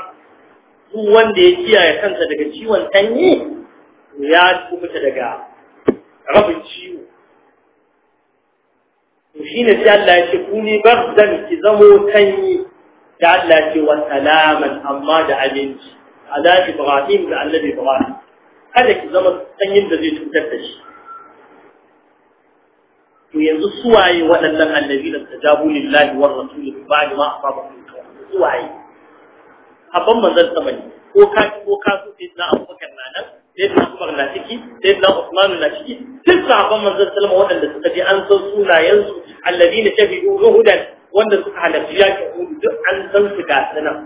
duk wanda ya kiyaye kansa daga ciwon sanyi ya kubuta daga rabin ciwo shine sai Allah ya ce kuni bardan ki zamo kanyi da Allah ya ce wa salaman amma da abinci ala Ibrahim da Annabi Ibrahim kada ki zama sanyin da zai cutar da shi to yanzu suwaye waɗannan annabi da tajabu lillahi war rasul ba ni ma asaba kun suwaye abban manzon sama ko ka ko ka so sai na abubakar nan sayyidina Umar na ciki sayyidina Usman na ciki duk sahabban manzon Salma waɗanda suka je an san sunayensu alladina shafi'u ruhudan wanda suka halarci yakin Uhud duk an san su ga sanan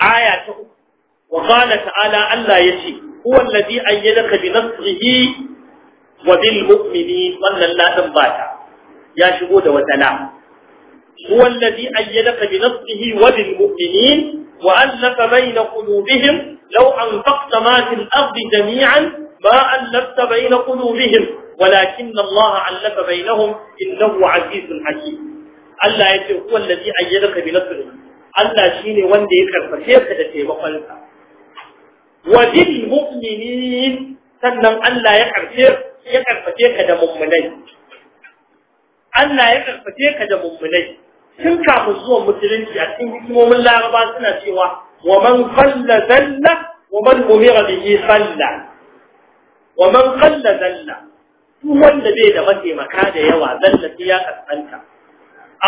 aya ta wa qala ta'ala Allah ya huwa alladhi ayyadaka bi nasrihi wa bil mu'minin wannan ladan bata ya shigo da wata هو الذي أيدك بنصره وبالمؤمنين وألف بين قلوبهم لو أنفقت ما في الأرض جميعا ما ألفت بين قلوبهم ولكن الله علف بينهم إنه عزيز حكيم الله يقول هو الذي أيدك بنصره الله شيني وندي يكرف كيف تتي وقلت وبالمؤمنين sannan الله ya karfe ya karfafe ka الله mummunai Allah ya tun kafin zuwan musulunci a cikin hikimomin laraba suna cewa wa man qalla zalla wa man umira bihi salla wa man qalla zalla duk wanda bai da mataimaka da yawa zalla sai ya kasanta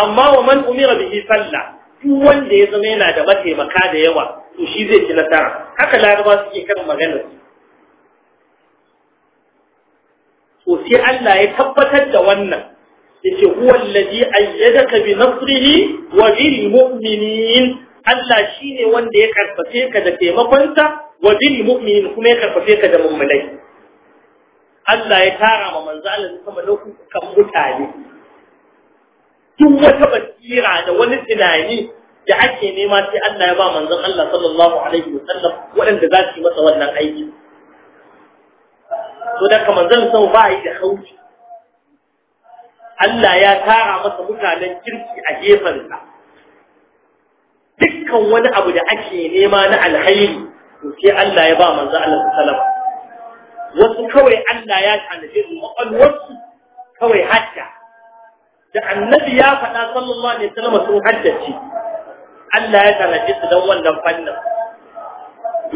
amma wa man umira bihi salla duk wanda ya zama yana da mataimaka da yawa to shi zai ci nasara haka laraba suke kan magana to sai Allah ya tabbatar da wannan yace huwa allazi ayyadaka bi nasrihi wa bil mu'minin Allah shine wanda ya karfafe ka da taimakonsa wa bil mu'minin kuma ya karfafe ka da mu'minai Allah ya tara ma manzo Allah sama kan mutane duk wata basira da wani tunani da ake nema sai Allah ya ba manzon Allah sallallahu alaihi Sallam waɗanda za su yi masa wannan aiki to da kamar zan san ba yi da hauki Allah ya tara masa mutanen kirki a gefensa dukkan wani abu da ake nema na alhairi to sai Allah ya ba manzo Allah sallama wasu kawai Allah ya tanaje su wasu kawai hajja da annabi ya faɗa sallallahu alaihi wasallam sun haddace Allah ya tanaje su dan wannan fannin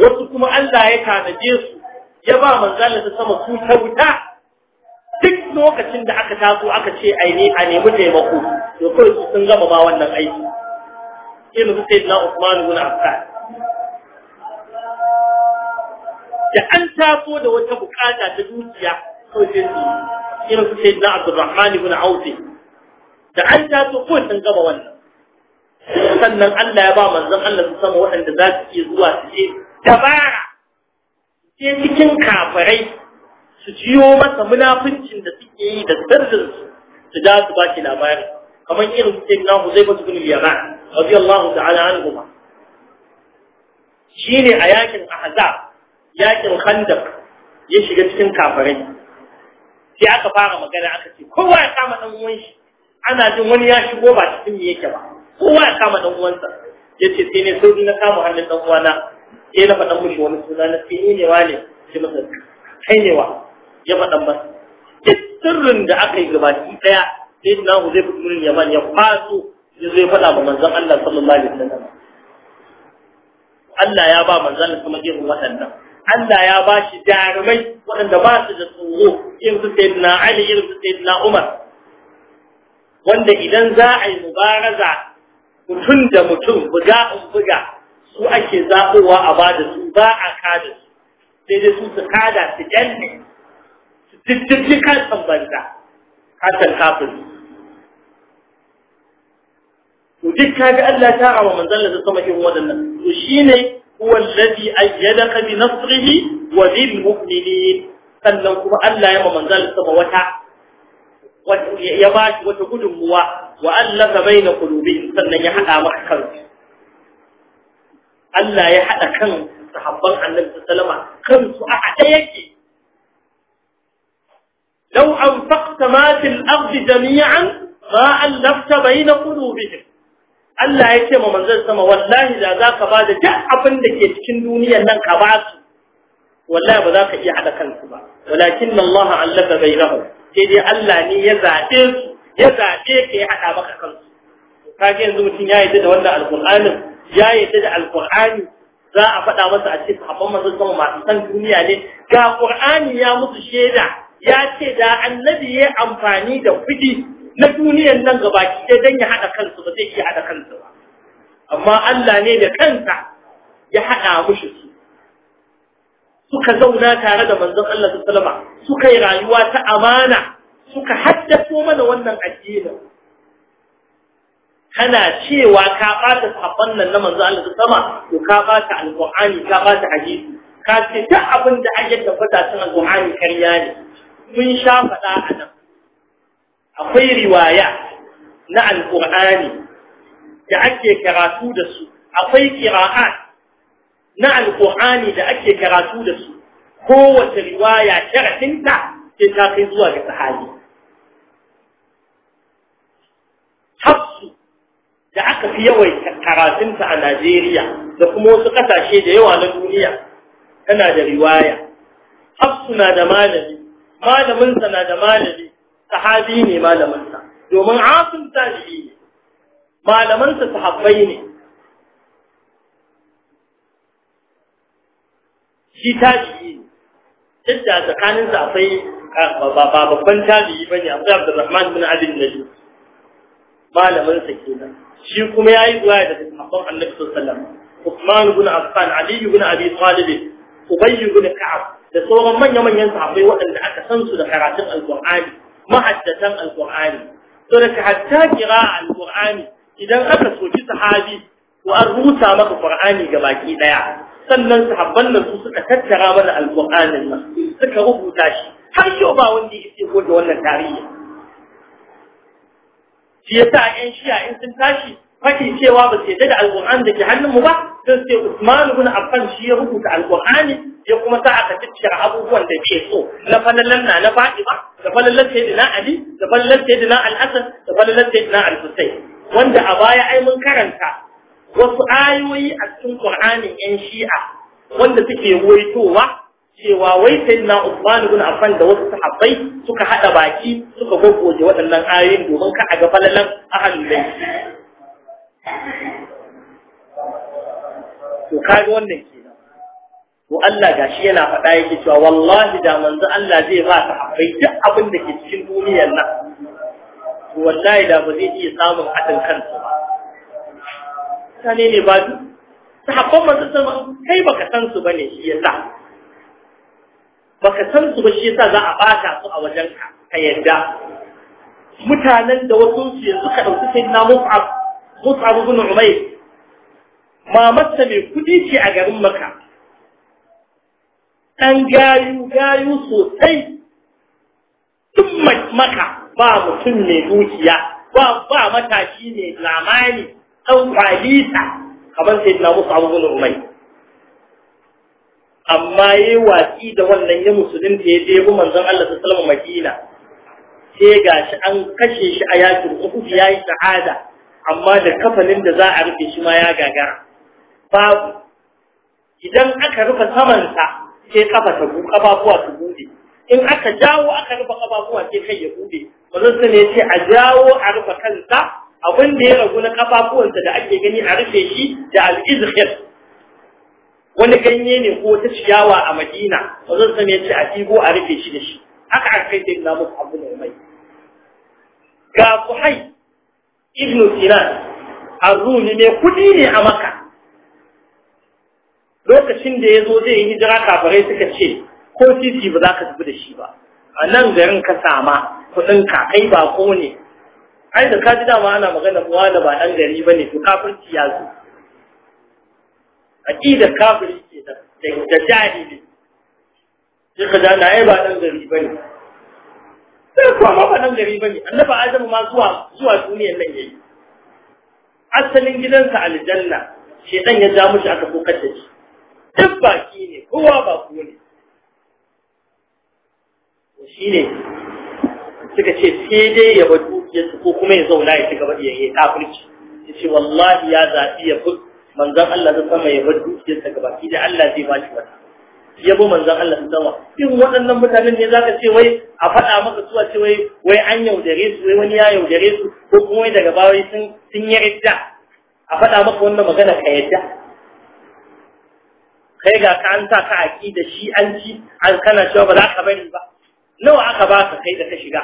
wasu kuma Allah ya tanaje su ya ba manzo Allah sama su ta wuta lokacin da aka taso aka ce a nemi taimako to kawai su sun gama ba wannan aiki irin su sai na Usman ibn Affan da an taso da wata bukata ta dukiya to sai su irin su sai na Abdurrahman ibn Auf da an taso ko sun gama wannan sannan Allah ya ba manzon Allah su sama waɗanda za su iya zuwa su je tabara sai cikin kafirai su jiyo masa munafincin da su suke yi da sirrin su da su ba shi labari kamar irin sai na zai Huzaifa ibn al-Yaman radiyallahu ta'ala anhu ma shine a yakin Ahzab yakin Khandaq ya shiga cikin kafirai sai aka fara magana aka ce kowa ya kama dan uwan shi ana jin wani ya shigo ba cikin me yake ba kowa ya kama dan uwansa yace sai ne sai na kama hannun dan uwana sai na faɗa mushi wani suna na sai ne wane sai masa kai ne wa ya faɗa masa sirrin da aka yi gabaki daya sai na zai fi gurin yaman ya kwaso ya zai faɗa ma manzon Allah sallallahu alaihi wasallam Allah ya ba manzon kuma irin waɗannan Allah ya ba shi jarumai waɗanda ba su da tsoro irin su na Ali irin su na Umar wanda idan za a yi mubaraza mutum da mutum buga in buga su ake zaɓowa a ba da su ba a kada su sai dai su su kada su danne diddikan san banza hasan hafiz to duk kaga Allah ta rawa manzon Allah sama irin waɗannan, to shine huwa alladhi ayyadaka bi nasrihi wa bil mu'minin sannan kuma Allah ya ma manzon sama wata ya ba shi wata gudunmuwa wa allaka baina qulubihim sannan ya hada maka kansu Allah ya hada kan sahabban Annabi sallama kansu a ɗaya yake لو أنفقت ما في الأرض جميعا ما ألفت بين قلوبهم Allah ya ce ma manzon sama wallahi da za ka ba da duk abin da ke cikin duniyar nan ka ba su wallahi ba za ka iya hada kansu ba walakin Allah Allah da bai bainahum sai dai Allah ne ya zaɓe su ya zabe ka yi hada maka kansu kage yanzu mutum ya yi da wannan alqur'anin ya yi da alƙur'ani, za a faɗa masa a ce sahabban manzon sama masu san duniya ne ga qur'ani ya musu shaida ya ce da annabi ya amfani da kuɗi na duniyan nan gaba ki dan ya haɗa kansu ba zai iya haɗa kansu ba amma Allah ne da kansa ya haɗa mushi su suka zauna tare da manzon Allah sallama suka yi rayuwa ta amana suka haddaso mana wannan addinin kana cewa ka ɓata sahabban nan na manzon Allah sama to ka ɓata alƙur'ani ka ɓata hadisi ka ce duk abin da ake tabbata cikin alƙur'ani karya ne mun sha faɗa a nan akwai riwaya na alƙur'ani da ake karatu da su akwai na alƙur'ani da ake karatu da su kowace riwaya sharafinta ce ta kai zuwa ga sahabi hafsu da aka fi yawaita karatunta a Najeriya da kuma wasu ƙasashe da yawa na duniya tana da riwaya hafsu na da malami malamin sa na da malami sahabi ne malamin sa domin asim tabi'i ne Malamansa sa sahabbai ne shi tabi'i ne duk da tsakanin sa akwai ba babban tabi'i bane akwai abdurrahman bin abin Nabi malamin sa kenan shi kuma yayi zuwa da sahabban Annabi sallallahu alaihi wasallam Uthman bin Affan Ali bin Abi Talib ubayy bin Ka'ab da sauran manya-manyan sahabbai waɗanda aka san su da karatun alƙur'ani mahaddatan alƙur'ani to da hatta kira alƙur'ani idan aka soki sahabi ko an rusa maka ƙur'ani ga baki ɗaya sannan sahabban nan su suka tattara mana alƙur'anin nan suka rubuta shi har yau ba wanda ya ko da wannan tarihi shi yasa 'yan shi'a in sun tashi faɗi cewa ba su yadda da alƙur'an da ke mu ba sai ce Usman ibn Affan shi ya rubuta Al-Qur'ani ya kuma sa aka ciccira abubuwan da ke so na falalan na na Fatima da falalan Sayyidina Ali da falalan Sayyidina Al-Hasan da falalan Sayyidina Al-Husayn wanda a baya ai mun karanta wasu ayoyi a cikin Kur'anin yan Shi'a wanda suke waitowa cewa wai Sayyidina Usman ibn Affan da wasu sahabbai suka hada baki suka goggoje waɗannan ayoyin domin ka ga falalan ahlul bayt to kaga wannan kenan to Allah gashi yana faɗa yake cewa wallahi da manzo Allah zai ba ta akwai duk abin da ke cikin duniyar nan to wallahi da ba zai iya samun hadin kansa ba mutane ne ba duk sahabban manzo sama kai baka san su bane shi yasa baka san su ba shi yasa za a bata su a wajen ka ka yadda mutanen da wasu su yanzu ka dauki sai na mus'ab mus'ab ibn umayr mamarsa mai kudi ce a garin maka ɗan gayu gayu sosai tun maka ba mutum mai dukiya ba ba matashi mai lamani ɗan kwalita kamar sai na musu abubuwan rumai amma ya yi watsi da wannan ya musulunta ya ɗebo manzon Allah ta salama Madina sai ga shi an kashe shi a yakin uku ya yi shahada amma da kafanin da za a rufe shi ma ya gagara babu idan aka rufe samansa sai kafa ta bu kafafuwa su bude in aka jawo aka rufe kafafuwa sai kai ya bude manzon sane ne ce a jawo a rufe kansa abin da ya ragu na kafafuwansa da ake gani a rufe shi da al-izhir wani ganye ne ko ta ciyawa a Madina manzon sane ne ce a tigo a rufe shi da shi haka aka kai sai na abu da mai ga Suhai ibn Sinan arruni ne kudi ne a Makka lokacin da ya zo zai yi hijira kafirai suka ce ko titi ba za ka tafi da shi ba a nan garin ka sama kuɗin ka kai ba ko ne ai da ka ji dama ana magana uwa da ba ɗan gari ba ne to kafirci ya zo aƙidar kafirci ke da jahili sai ka ja na ai ba ɗan gari ba ne sai kuwa ma ba ɗan gari ba ne annaba adamu ma zuwa zuwa duniyar nan yayi asalin gidansa aljanna shedan ya ja mushi aka kokar da shi duk baki ne kowa bako ne shi ne suka ce sai dai ya bar dukiyarsa ko kuma ya zauna ya ci gaba da yayi kafirci ya ce wallahi ya zaɓi ya fi manzan Allah ta sama ya bar dukiyarsa gaba ki da Allah zai bashi wata ya bi manzan Allah ta sama in waɗannan mutanen ne za ka ce wai a faɗa maka zuwa ce wai wai an yaudare su wai wani ya yaudare su ko kuma wai daga bawai sun sun yi ridda a faɗa maka wannan magana ka yadda kai ga ka an sa ka aqida shi an ci an kana cewa ba za ka bari ba nawa aka ba kai da ka shiga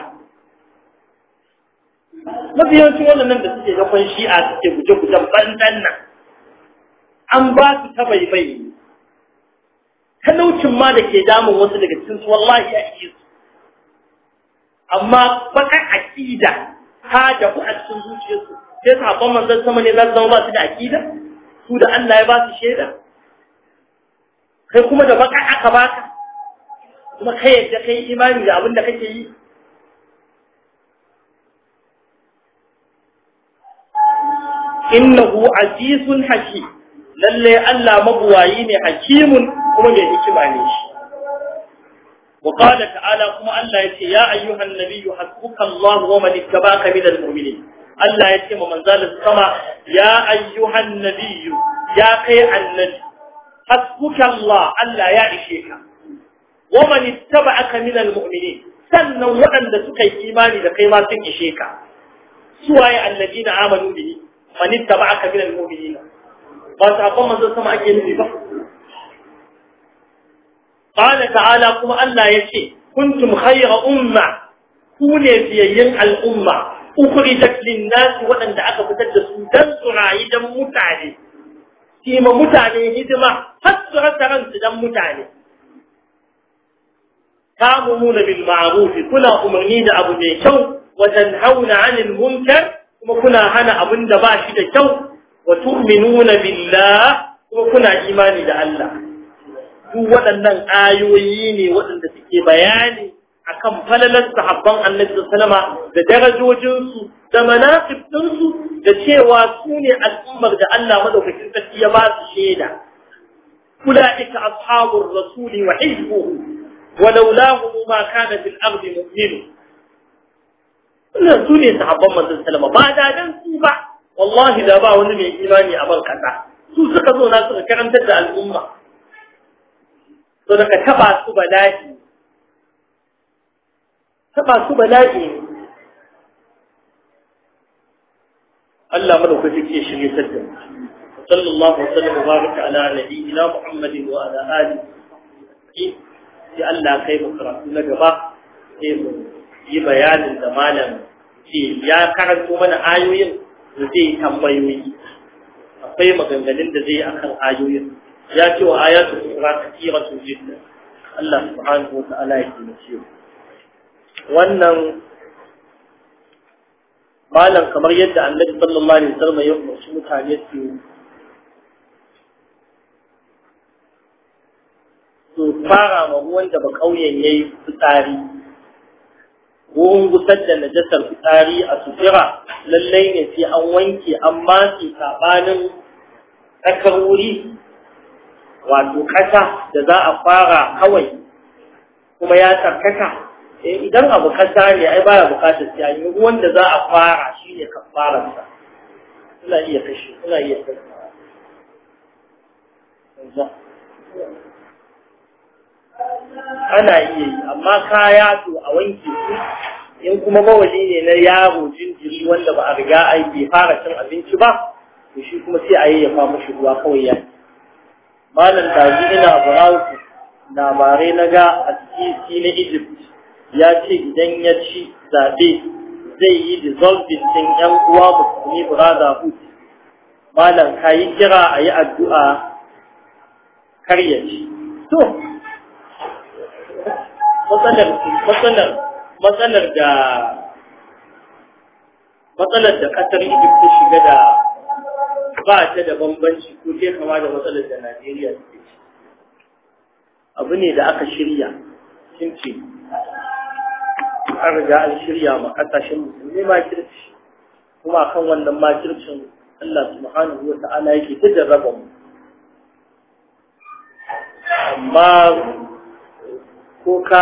mafi yawancin waɗannan da suke dakon shi'a suke guje guje bandan nan an ba su ta baibai talaucin ma da ke damun wasu daga cikin su wallahi a cikin su amma baka aƙida ta ku a cikin zuciyarsu sai sabon manzon sama ne za su zama ba su da aƙida su da Allah ya ba su shaida kai kuma da baka aka baka kuma kai yadda kai imani da abin da kake yi innahu azizun hakim lalle Allah mabuwayi ne hakimun kuma mai hikima ne shi wa qala ta'ala kuma Allah yace ya ayyuhan nabiyyu hasbuka Allah wa man ittaba'aka minal mu'minin Allah yace ma manzalin sama ya ayyuhan nabiyyu ya kai annabi hasbukallah Allah ya ishe ka wa man ittaba'aka minal mu'minin sannan waɗanda suka yi imani da kai ma sun ishe ka suwaye allazina amanu bihi man ittaba'aka minal mu'minin ba ta kon manzon sama ake nufi ba qala ta'ala kuma Allah yace kuntum khayra umma ku ne fiyayyen al'umma ukhrijat lin-nas waɗanda aka fitar da su dan su rayu dan mutane kima mutane hidima har su rasa ransu dan mutane ta'muruna bil ma'ruf kuna umarni da abu mai kyau wa hauna 'anil munkar kuma kuna hana abin da ba shi da kyau wa tu'minuna billah kuma kuna imani da Allah Ku waɗannan ayoyi ne waɗanda suke bayani akan falalar sahabban Annabi sallama da darajojinsu da manaqib ɗinsu da cewa su ne al'ummar da Allah madaukakin sarki ya ba su shaida Kula ita ashabur rasuli wa hizbuhu ولولاه ما كان في الأرض مؤمن wannan su ne sahabban manzon salama ba da dan su ba wallahi da ba wani mai imani a barkata su suka zo na suka karantar da al'umma to daga taɓa su bala'i Taɓa su bala'i Allah madaukaki ya shirye ta da sallallahu alaihi wasallam baraka ala na Muhammadin wa ala alihi sai Allah kai mu karatu na gaba sai mu yi bayanin da malam ce ya karanto mana ayoyin da zai tambayoyi akwai maganganun da zai akan ayoyin ya ce wa ayatu qur'an kathiratun jiddan Allah subhanahu wa ta'ala ya kiyaye wannan malam kamar yadda annabi sallallahu alaihi wasallam ya umarci mutane su to fara ma ruwan da ba kauyen yayi fitsari wurin gusar da najasar fitsari a sutura lallai ne sai an wanke an matse sabanin tsakar wuri wato kasa da za a fara kawai kuma ya tsarkaka Eh, idan abu ka ne ai baya bukatar sai an yi wanda za a fara shi ne kafaran sa suna iya kashe suna iya kashe ana iya yi amma kaya to a wanke su in kuma mawali ne na yaro jinjiri wanda ba a riga ai bai fara cin abinci ba to shi kuma sai a yi ya fa mashi ruwa kawai ya malam dazu ina burawu labarai na ga a na Egypt ya ce idan ya ci zaɓe zai yi dissolving ɗin ‘yan uwa musulmi brada hutu. malam ka yi kira a yi addu'a kar ya ci to matsalar da matsalar da ƙasar egypt ta shiga da ba ta da bambanci ko ce kama da matsalar da najeriya ta ce. abu ne da aka shirya cin an riga an shirya ma kasashen musulmi makirci kuma kan wannan makircin Allah subhanahu wa ta'ala yake ta jarraba mu amma ko ka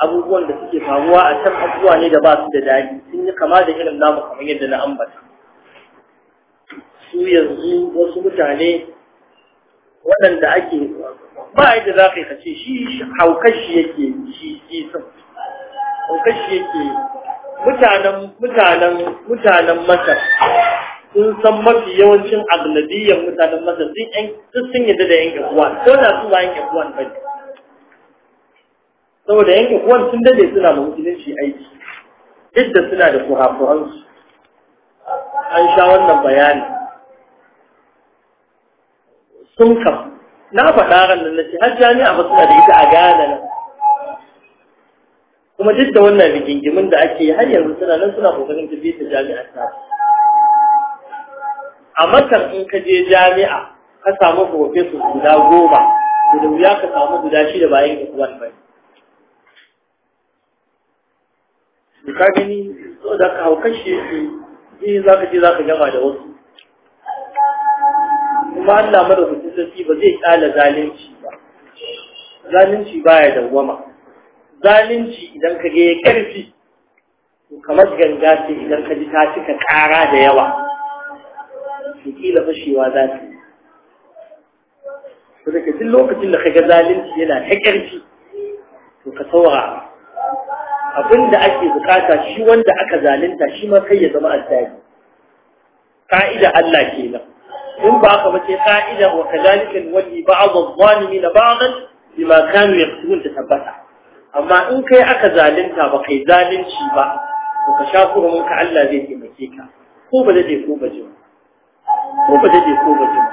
abubuwan da suke faruwa a can abubuwa ne da ba su da dadi sun yi kama da irin namu kamar yadda na ambata su yanzu wasu mutane waɗanda ake ba yadda za ka yi kace shi haukar shi yake shi sun kashi yake mutanen mutanen mutanen masar sun san mafi yawancin aglabiyyar mutanen masar sun yan sun yadda da yanke kuwan ko na su ba yanke kuwan ba ne saboda yanke kuwan sun dade suna da shi aiki duk da suna da kuhafuransu an sha wannan bayani sun kam na faɗa ran nan ce har jami'a ba suna da ita a gane nan kuma duk da wannan rigingimin da ake har yanzu suna nan suna kokarin tafiye ta jami'ar ta a makar in ka je jami'a ka samu profesor guda goma to da wuya ka samu guda shi da bayan ikuwan bai ka gani so da ka hauka shi yi za ka je za ka gama da wasu kuma Allah mutum sarki ba zai kyale zalunci ba zalunci baya dawwama zalunci idan ka ga ya karfi to kamar ganga ce idan ka ji ta cika ƙara da yawa to kila fashewa za ta yi saboda duk lokacin da ka ga zalunci yana ta ƙarfi? to ka saurara abin da ake bukata shi wanda aka zalunta shi ma kai ya zama azzali ka'ida Allah kenan in ba ka bace ka'ida wa kadhalika walli ba'd adh-dhalimin ba'dan bima kanu ta tabbata amma in kai aka zalunta ba kai zalunci ba to ka sha kurumin ka Allah zai taimake ka ko ba dade ko ba jima ko ba dade ko ba jima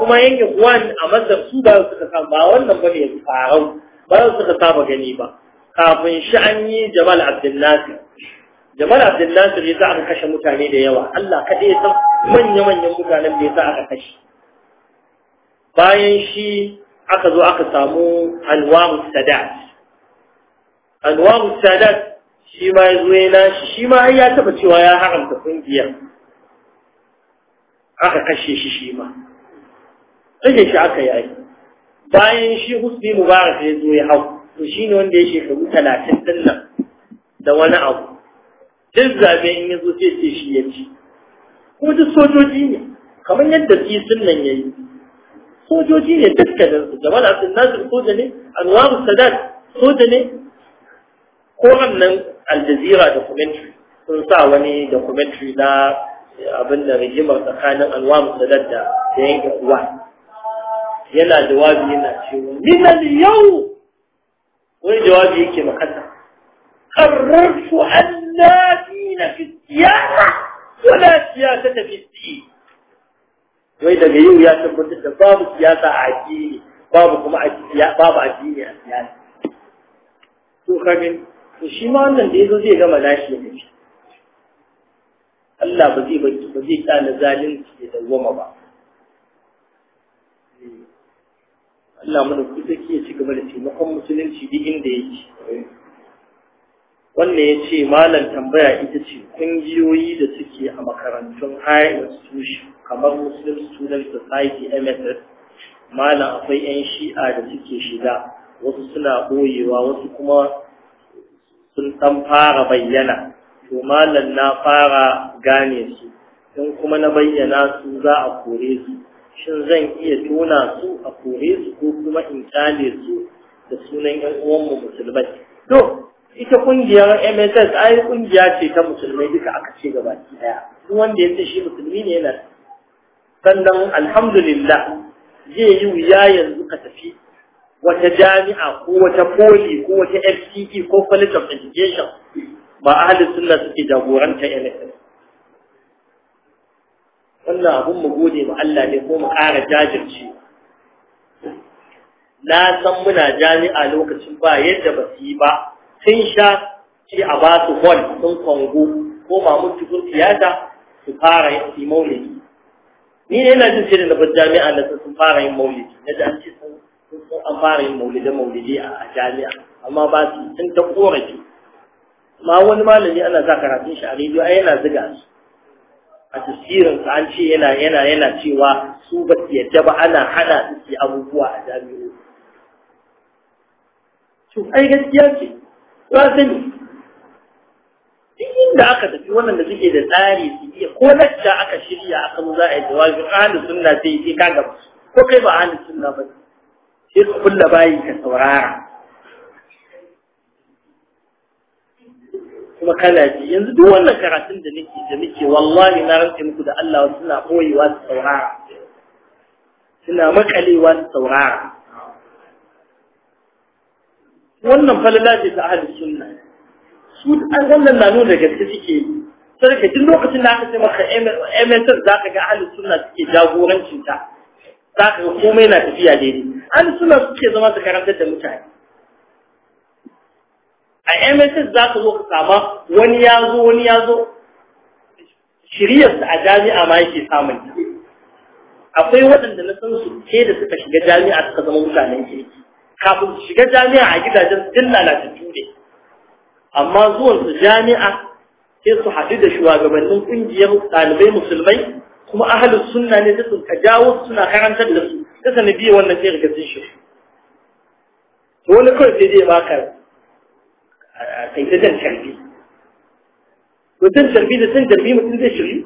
kuma yanke wani a mazar su ba suka san ba wannan bane ya farau ba ka saba gani ba kafin shi an yi Jamal Abdul Jamal Abdul Nasir ya sa aka kashe mutane da yawa Allah kaɗai ya san manya-manyan mutanen da ya sa aka kashe bayan shi aka zo aka samu alwamu Sadat anwaru sadat shi ma ya zo yana shi ma har ya taba cewa ya haramta kungiya aka kashe shi shi ma kashe shi aka yayi bayan shi husni mubarak ya zo ya hau to shi ne wanda ya shekaru talatin din nan da wani abu duk zabe in ya zo sai ce shi ya ci Ko duk sojoji ne kamar yadda tsisin nan ya yi sojoji ne su. jama'a sun nasir soja ne anwaru sadat soja ne ko nan Al-Jazeera documentary sun sa wani documentary na eh, abin da rigimar tsakanin alwamu da dadda da yanke uwa yana jawabi yana cewa minal yau wani jawabi yake makanta قررت أن لا دين في السياسة ولا سياسة في الدين wai daga yau ya tabbatar da babu siyasa a addini babu kuma addini a siyasa to kamin to shi ma wannan da yazo zai gama nashi ya tafi Allah ba zai baki ba zai kana zalunci da goma ba Allah mana ku take ya ci gaba da taimakon musulunci duk inda yake wannan ya ce malam tambaya ita ce kungiyoyi da suke a makarantun high institution kamar muslim student society mss malam akwai 'yan shi'a da suke shiga wasu suna ɓoyewa wasu kuma sun ɗan fara bayyana to malam na fara gane su in kuma na bayyana su za a kore su shin zan iya tona su a kore su ko kuma in kyale su da sunan yan uwanmu musulmai to ita kungiyar MSS ai kungiya ce ta musulmai duka aka ce gaba ɗaya, duk wanda ya shi musulmi ne yana sannan alhamdulillah zai yi wuya yanzu ka tafi wata jami'a ko wata koli ko wata FCE ko College of Education ba ahalin sunna suke jagoranta NSS wannan abun mu gode ma Allah ne ko mu ƙara jajirce na san muna jami'a lokacin ba yadda ba su yi ba sun sha ce a ba su hall sun kwango ko mutu sun tiyata su fara yin maulidi ni ne na jin shirin da jami'a na sun fara yin maulidi na ji an an fara yin maulide maulidi a jami'a amma ba su sun ta korafi amma wani malami ana za karatun shi a rediyo ai yana ziga su a tasirin sa an ce yana yana yana cewa su ba su yadda ba ana hana su abubuwa a jami'o to ai gaskiya ce ba sani duk inda aka tafi wannan da suke da tsari su iya ko lacca aka shirya aka mu za a yi jawabin ahlus sunna sai sai ka gaba ko kai ba ahlus sunna ba ne sai ka kulla bayi ka saurara kuma kana ji yanzu duk wannan karatun da nake da nake wallahi na rantse muku da Allah wasu suna koyewa su saurara suna makalewa su saurara wannan falala ce ta ahlus sunna su an wannan na nuna gaske suke sarki duk lokacin da aka ce maka MSN zaka ga ahli sunna suke jagorancin ta zaka ga komai na tafiya daidai an suna suke zama su karantar da mutane a mss za ka zo ka sama wani ya zo wani ya zo shiriyarsa a jami'a ma yake samun ta akwai waɗanda na san su ke da suka shiga jami'a suka zama mutanen kirki kafin su shiga jami'a a gidajen din lalata ne amma zuwan su jami'a sai su haɗu da shugabannin ƙungiyar ɗalibai musulmai kuma ahalin sunna ne da sun ka jawo suna karantar da su Kasa na biya wannan sai ga sun shiru to wani kawai sai zai baka a kai ta jan carbi to jan carbi da san carbi mutum zai shiru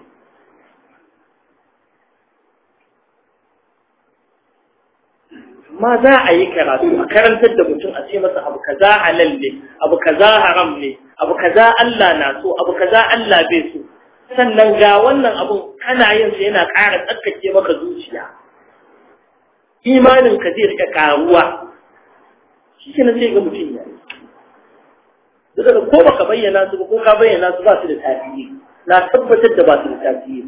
ma za a yi karatu a karantar da mutum a ce masa abu kaza halal ne abu kaza haram ne abu kaza Allah na so abu kaza Allah bai so sannan ga wannan abun kana yin sa yana ƙara tsarkake maka zuciya imanin ka zai rika karuwa shi kenan sai ga mutum ya daga ko baka bayyana su ba ko ka bayyana su ba su da tafiye na tabbatar da ba su da tafiye.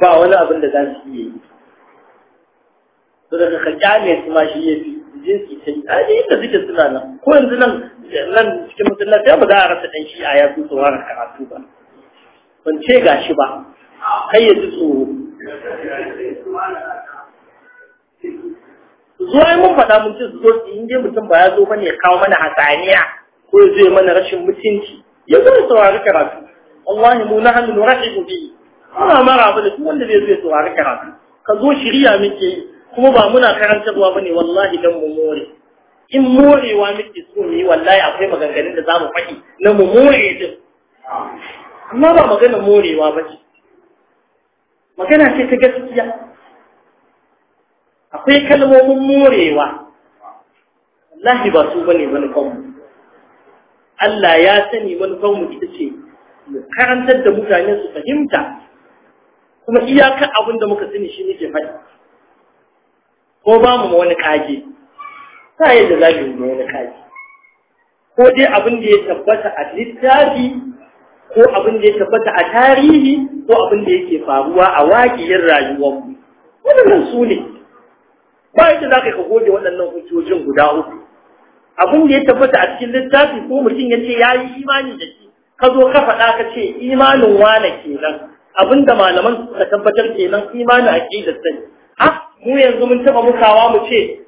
ba wani abin da za su iya yi su daga ka ne su ma shi ya fi je su yi a inda suke suna nan ko yanzu nan nan cikin masallaci ba za a rasa ɗan shi a ya su wara karatu ba ban ce ga shi ba kai ya ji tsoro zuwa mun faɗa mun ce su zo in dai mutum ba ya zo bane ya kawo mana hasaniya ko ya zo mana rashin mutunci ya zo ya saurari karatu wallahi mu nahnu nurahibu bi muna maraba da duk wanda zai zo ya saurari karatu ka zo shirya muke kuma ba muna karantarwa bane wallahi dan mu more in morewa muke so mu yi wallahi akwai maganganun da zamu faɗi na mu more din amma ba magana morewa ba ce magana ce ta gaskiya akwai kalmomin morewa wallahi ba su bane manufanmu Allah ya sani manufanmu ita ce mu karantar da mutane su fahimta kuma iyakar abin da muka sani shi muke faɗi ko ba mu wani kage ta yadda za mu wani kage ko dai abin da ya tabbata a littafi ko abin da ya tabbata a tarihi ko abin da yake faruwa a waƙiyar rayuwarmu waɗannan su ne ba yadda za ka ka goge waɗannan hujjojin guda uku abin da ya tabbata a cikin littafi ko mutum ya ce ya yi imani da shi ka zo ka faɗa ka ce imanin wane kenan abin da malaman suka tabbatar kenan imanin aƙidar sani a mu yanzu mun taɓa mukawa mu ce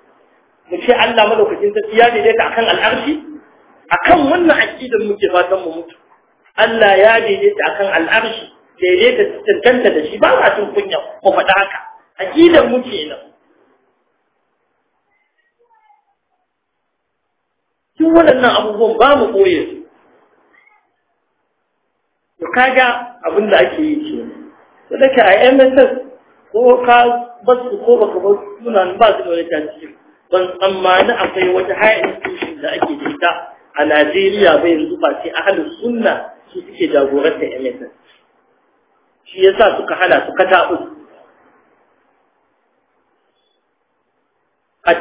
mu ce Allah madaukakin sarki ya daidaita akan al'arshi akan wannan aƙidar muke fatan mu mutu Allah ya daidaita akan al'arshi daidaita tantanta da shi ba ma cin kunya ko faɗa haka aƙidar mu kenan duk waɗannan abubuwan ba mu ɓoye su to kaga abin da ake yi ke da ke a MSS ko ka basu ko baka bar sunan ba su da wani ban tsammani akwai wata higher institution da ake da ita a Najeriya ba yanzu ba sai ahalin sunna su suke jagorantar MSS shi ya sa suka hana su kata uku A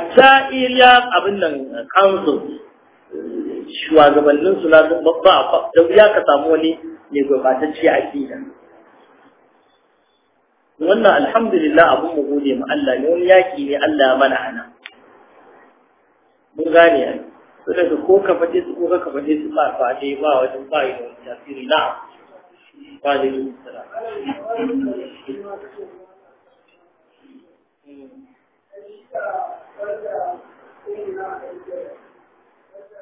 iya abin nan council shugabannin su na babba a da ya ka samu wani mai gurbatacce a kina wannan alhamdulillah abun mu gode ma Allah ne wani yaki ne Allah ya mana ana mun gane ai daga ko ka fade su ko ka fade su ba ba dai ba wajen ba yi da tasiri na ba da yi Thank you.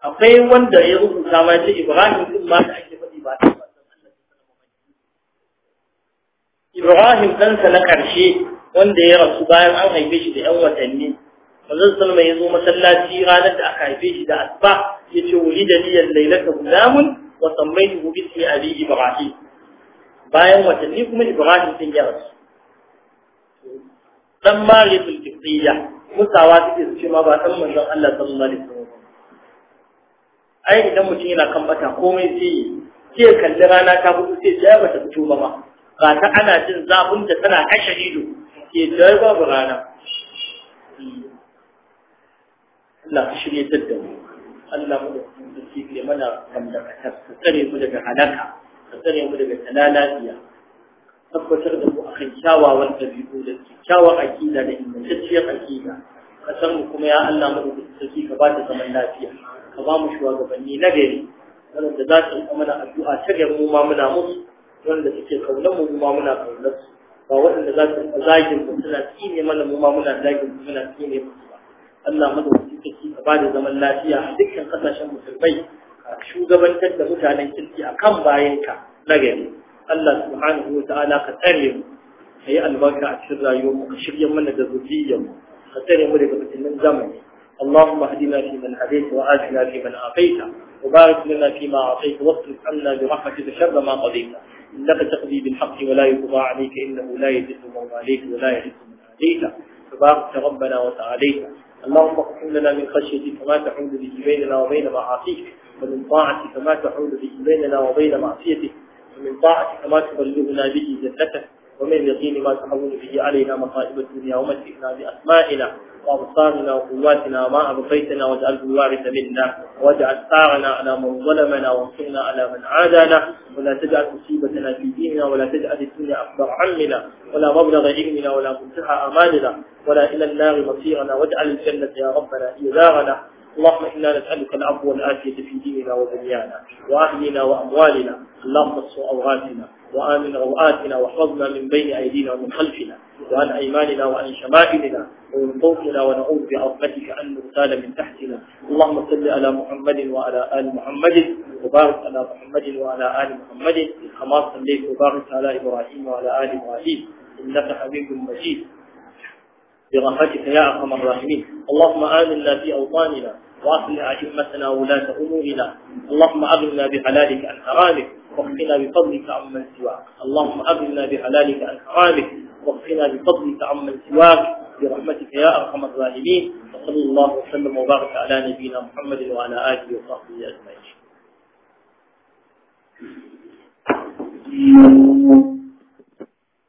akwai wanda ya rubuta ma ce Ibrahim din ma da ake faɗi ba Ibrahim ɗansa na ƙarshe wanda ya rasu bayan an haife shi da 'yan watanni manzon sun ya zo masallaci ranar da aka haife shi da asba ya ce wuli da niyyar lailata gulamun wa sammaitu bi abi Ibrahim bayan watanni kuma Ibrahim din ya rasu dan mari Qibtiyya mutawa take su ce ma ba dan manzon Allah sallallahu alaihi ai idan mutum yana kan bata komai sai yi sai ya kalli rana ta hudu sai ya bata fito ba ma ga ta ana jin zafin ta tana kashe ido ke da babu rana Allah ka shirye ta da mu Allah mu da kuke ne mana kan da ka tsare mu daga halaka ka tsare mu daga talalafiya tabbatar da mu akan kyawawan dabi'u da kyawawan aqida da ingantacciyar aqida ka san mu kuma ya Allah mu da kuke ka ba ta zaman lafiya ka ba mu shugabanni na gari wanda za su yi mana addu'a ta gari mu ma muna musu wanda suke kaunar mu ma muna kaunar su ba waɗanda za su yi zagin mu suna tsine mana mu ma muna zagin mu suna tsine musu ba Allah madawwaci take ka ba da zaman lafiya a dukkan kasashen musulmai ka shugabantar da mutanen kirki kan bayanka na gari Allah subhanahu wa ta'ala ka tsare mu ka yi albarka a cikin rayuwar mu ka shirya mana da zuriyar mu ka tsare mu daga fitinin zamani اللهم اهدنا فيمن هديت وآتنا فيمن آتيت وبارك لنا فيما أعطيت واصرف عنا برحمتك شر ما قضيت إنك تقضي بالحق ولا يقضى عليك إنه لا يذل من عليك ولا يعز من عليك فبارك ربنا وتعاليت اللهم اقسم لنا من خشيتك ما تحول به بيننا وبين معاصيك ومن طاعتك ما تحول به بيننا وبين معصيتك ومن طاعتك ما تبلغنا به جنتك ومن يقين ما تحول به علينا مصائب الدنيا ومتعنا بأسمائنا وأبصارنا وقواتنا ما أبقيتنا واجعله الوارث منا واجعل ثارنا على من ظلمنا وانصرنا على من عادانا ولا تجعل مصيبتنا في ديننا ولا تجعل الدنيا أكبر عمنا ولا مبلغ علمنا ولا منتهى أماننا ولا إلى النار مصيرنا واجعل الجنة يا ربنا هي دارنا اللهم إنا نسألك العفو والآتية في ديننا ودنيانا وأهلنا وأموالنا اللهم اصر أوغاتنا وآمن روآتنا واحفظنا من بين أيدينا ومن خلفنا وعن أيماننا وعن شمائلنا ومن فوقنا ونعوذ بعظمتك أن نغتال من تحتنا اللهم صل على محمد وعلى آل محمد وبارك على محمد وعلى آل محمد كما صليت وبارك على إبراهيم وعلى آل إبراهيم إنك حميد مجيد برحمتك يا أرحم الراحمين اللهم آمنا في أوطاننا وأصلح أئمتنا ولاة أمورنا اللهم أغننا بحلالك عن حرامك واغننا بفضلك عمن سواك اللهم أغننا بحلالك عن حرامك وقنا بفضلك عمن سواك برحمتك يا ارحم الراحمين وصلى الله وسلم وبارك على نبينا محمد وعلى اله وصحبه اجمعين Thank you.